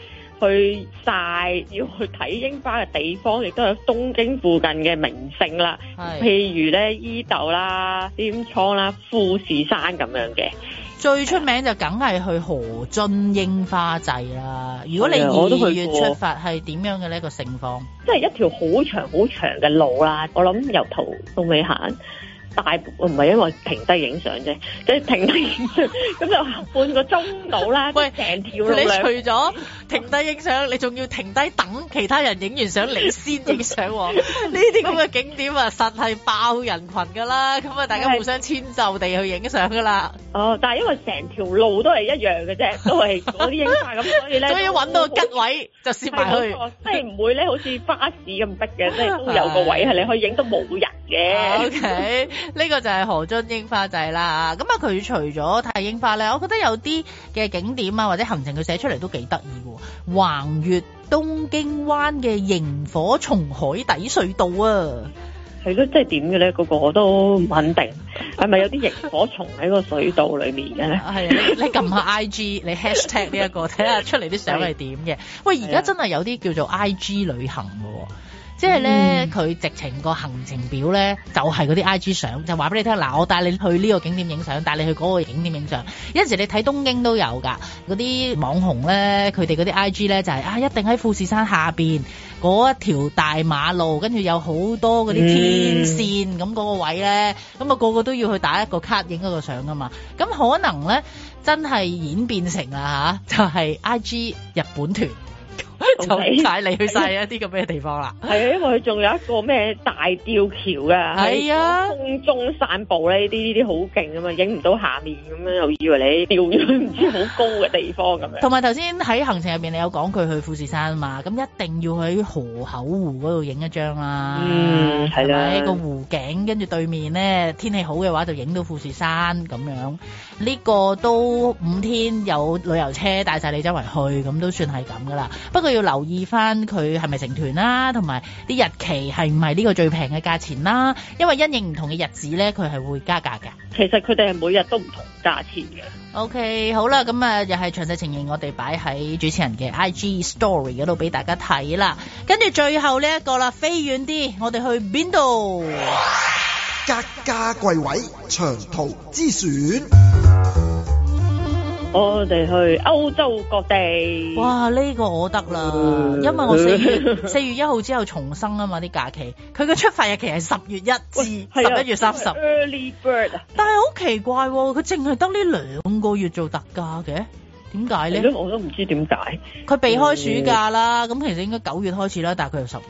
去晒要去睇櫻花嘅地方，亦都有東京附近嘅名勝啦，譬如咧伊豆啦、天倉啦、富士山咁樣嘅。最出名就梗係去河津櫻花祭啦！如果你二月，月出發係點樣嘅呢一個盛況，即係一條好長好長嘅路啦，我諗由頭到尾行。大唔係因為停低影相啫，即係停低影相咁就半個鐘到啦。喂，成條路你除咗停低影相，你仲要停低等其他人影完相嚟先影相。呢啲咁嘅景點啊，實係爆人羣㗎啦。咁啊，大家互相遷就地去影相㗎啦。哦，但係因為成條路都係一樣嘅啫，都係嗰啲影相咁，所以咧，所以揾到個吉位就攝埋去。即係唔會咧，好似巴士咁逼嘅，即係都有個位係你可以影到冇人嘅。O K。呢個就係河津櫻花祭啦，咁啊佢除咗睇櫻花咧，我覺得有啲嘅景點啊或者行程佢寫出嚟都幾得意嘅，橫越東京灣嘅螢火蟲海底隧道啊！係咯，即係點嘅咧？個個我都唔肯定，係咪有啲螢火蟲喺個隧道裏面嘅咧？係啊，你你撳下 I G，你 Hashtag 呢一個睇下出嚟啲相係點嘅？喂，而家真係有啲叫做 I G 旅行嘅。即係咧，佢、嗯、直情個行程表咧就係嗰啲 I G 相，就話、是、俾你聽。嗱、啊，我帶你去呢個景點影相，帶你去嗰個景點影相。有時你睇東京都有㗎，嗰啲網紅咧，佢哋嗰啲 I G 咧就係、是、啊，一定喺富士山下邊嗰一條大馬路，跟住有好多嗰啲天線咁嗰個位咧，咁啊、嗯個，那個個都要去打一個卡影一個相㗎嘛。咁可能咧真係演變成啊嚇，就係、是、I G 日本團。走晒 你去晒一啲咁嘅地方啦，啊？係啊，啊，因為佢仲有一個咩大吊橋噶，是啊，空中散步呢啲呢啲好勁啊嘛，影唔到下面咁樣，又以為你吊咗唔知好高嘅地方咁樣。同埋頭先喺行程入邊，你有講佢去富士山啊嘛，咁一定要去河口湖嗰度影一張啦，嗯，係喺、啊那個湖景，跟住對面咧天氣好嘅話就影到富士山咁樣。呢、這個都五天有旅遊車帶晒你周圍去，咁都算係咁噶啦。不都要留意翻佢係咪成團啦，同埋啲日期係唔係呢個最平嘅價錢啦，因為因應唔同嘅日子咧，佢係會加價嘅。其實佢哋係每日都唔同價錢嘅。OK，好啦，咁啊又係詳細情形，我哋擺喺主持人嘅 I G Story 嗰度俾大家睇啦。跟住最後呢一個啦，飛遠啲，我哋去邊度？格價貴位長途之選。我哋去歐洲各地哇！呢、呢個我得啦，因為我四月四 月一號之後重生啊嘛啲假期，佢嘅出發日期係十月一至十一月三十，係啊、係，但係好奇怪，哦，佢淨係得呢兩個月做特價嘅。點解咧？我都我都唔知點解。佢避開暑假啦，咁其實應該九月開始啦，但係佢又十月。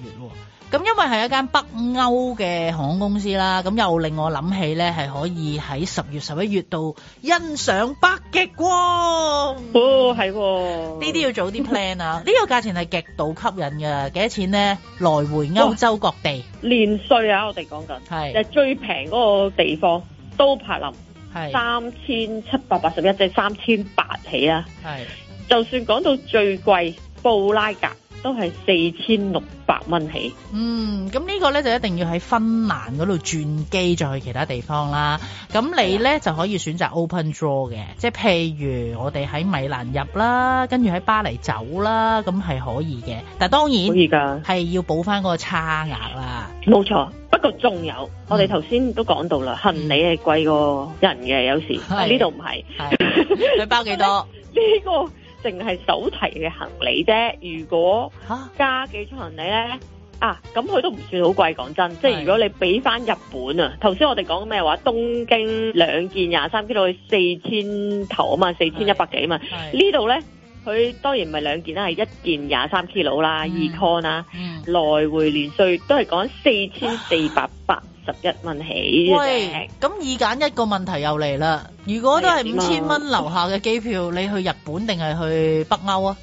咁因為係一間北歐嘅航空公司啦，咁又令我諗起咧，係可以喺十月、十一月度欣賞北極光。哦，係。呢啲要早啲 plan 啊！呢個價錢係極度吸引嘅，幾多錢咧？來回歐洲各地，連稅啊！我哋講緊係，誒最平嗰個地方都柏林。是三千七百八十一，即、就、係、是、三千八起啦、啊。是就算講到最貴，布拉格。都係四千六百蚊起。嗯，咁呢個呢就一定要喺芬蘭嗰度轉機再去其他地方啦。咁你呢就可以選擇 open draw 嘅，即係譬如我哋喺米蘭入啦，跟住喺巴黎走啦，咁係可以嘅。但係當然可以噶，係要補翻嗰個差額啦。冇錯，不過仲有，我哋頭先都講到啦，行李係貴過人嘅，有時呢度唔係。係佢包幾多？呢個。淨係手提嘅行李啫，如果加幾箱行李咧，蛤啊，咁佢都唔算好貴。講真，即係的如果你俾翻日本啊，頭先我哋講咩話？東京兩件廿三 kilo 去四千頭啊嘛，四千一百幾啊嘛，的呢度咧佢當然唔係兩件啦，係一件廿三 kilo 啦，二 con 啦、啊，嗯、來回連稅都係講四千四百八。十一蚊起，喂，咁二揀一個問題又嚟啦。如果都係五千蚊樓下嘅機票，你去日本定係去北歐啊？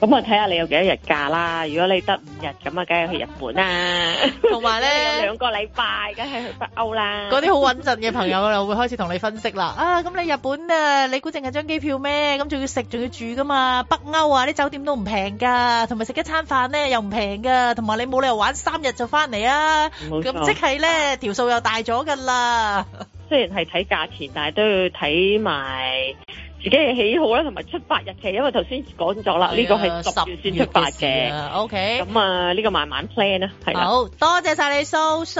咁啊，睇下你有幾多日假啦。如果你得五日，咁啊，梗係去日本，啊、 去啦。同埋咧，有兩個禮拜，梗係去北歐啦。嗰啲好穩陣嘅朋友，我又會開始同你分析啦。 啊，咁你日本啊，你估淨係張機票咩？咁仲要食，仲要住噶嘛？北歐啊，啲酒店都唔平噶，同埋食一餐飯咧又唔平噶，同埋你冇理由玩三日就翻嚟啊。冇錯。咁即係咧，條數又大咗噶啦。 雖然係睇價錢，但係都要睇埋。自己嘅喜好啦，同埋出發日期，因為頭先講咗啦，呢個係十月先出發嘅，OK，咁啊呢個慢慢 plan 啦，係好多謝晒你 Soso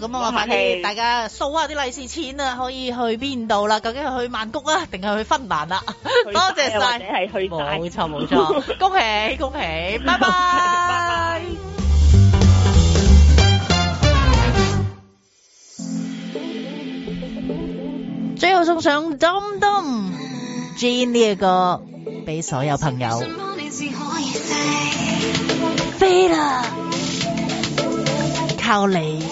咁我問下你，大家數下啲利是錢啊，可以去邊度啦？究竟係去曼谷啊，定係去芬蘭啦？多謝晒你，冇錯冇錯，恭喜恭喜，拜拜。最後送上咚咚。Jean 呢，這個歌，俾所有朋友飛啦了，靠你！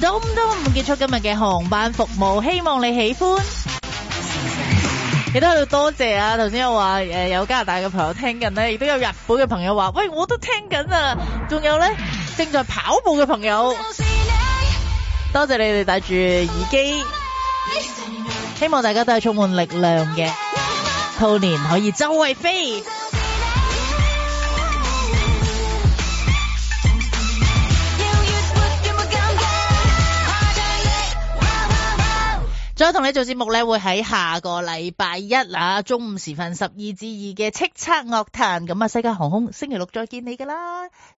都唔都唔結束今日嘅航班服務，希望你喜歡。亦都喺度多謝啊！頭先我話誒有加拿大嘅朋友聽緊咧，亦都有日本嘅朋友話，喂，我都聽緊啊！仲有咧，正在跑步嘅朋友，多謝你哋戴住耳機，希望大家都係充滿力量嘅兔年可以周圍飛。再同你做節目咧，會喺下個禮拜一啊中午時分十二至二嘅叱咤樂壇咁啊，西加航空星期六再見你噶啦。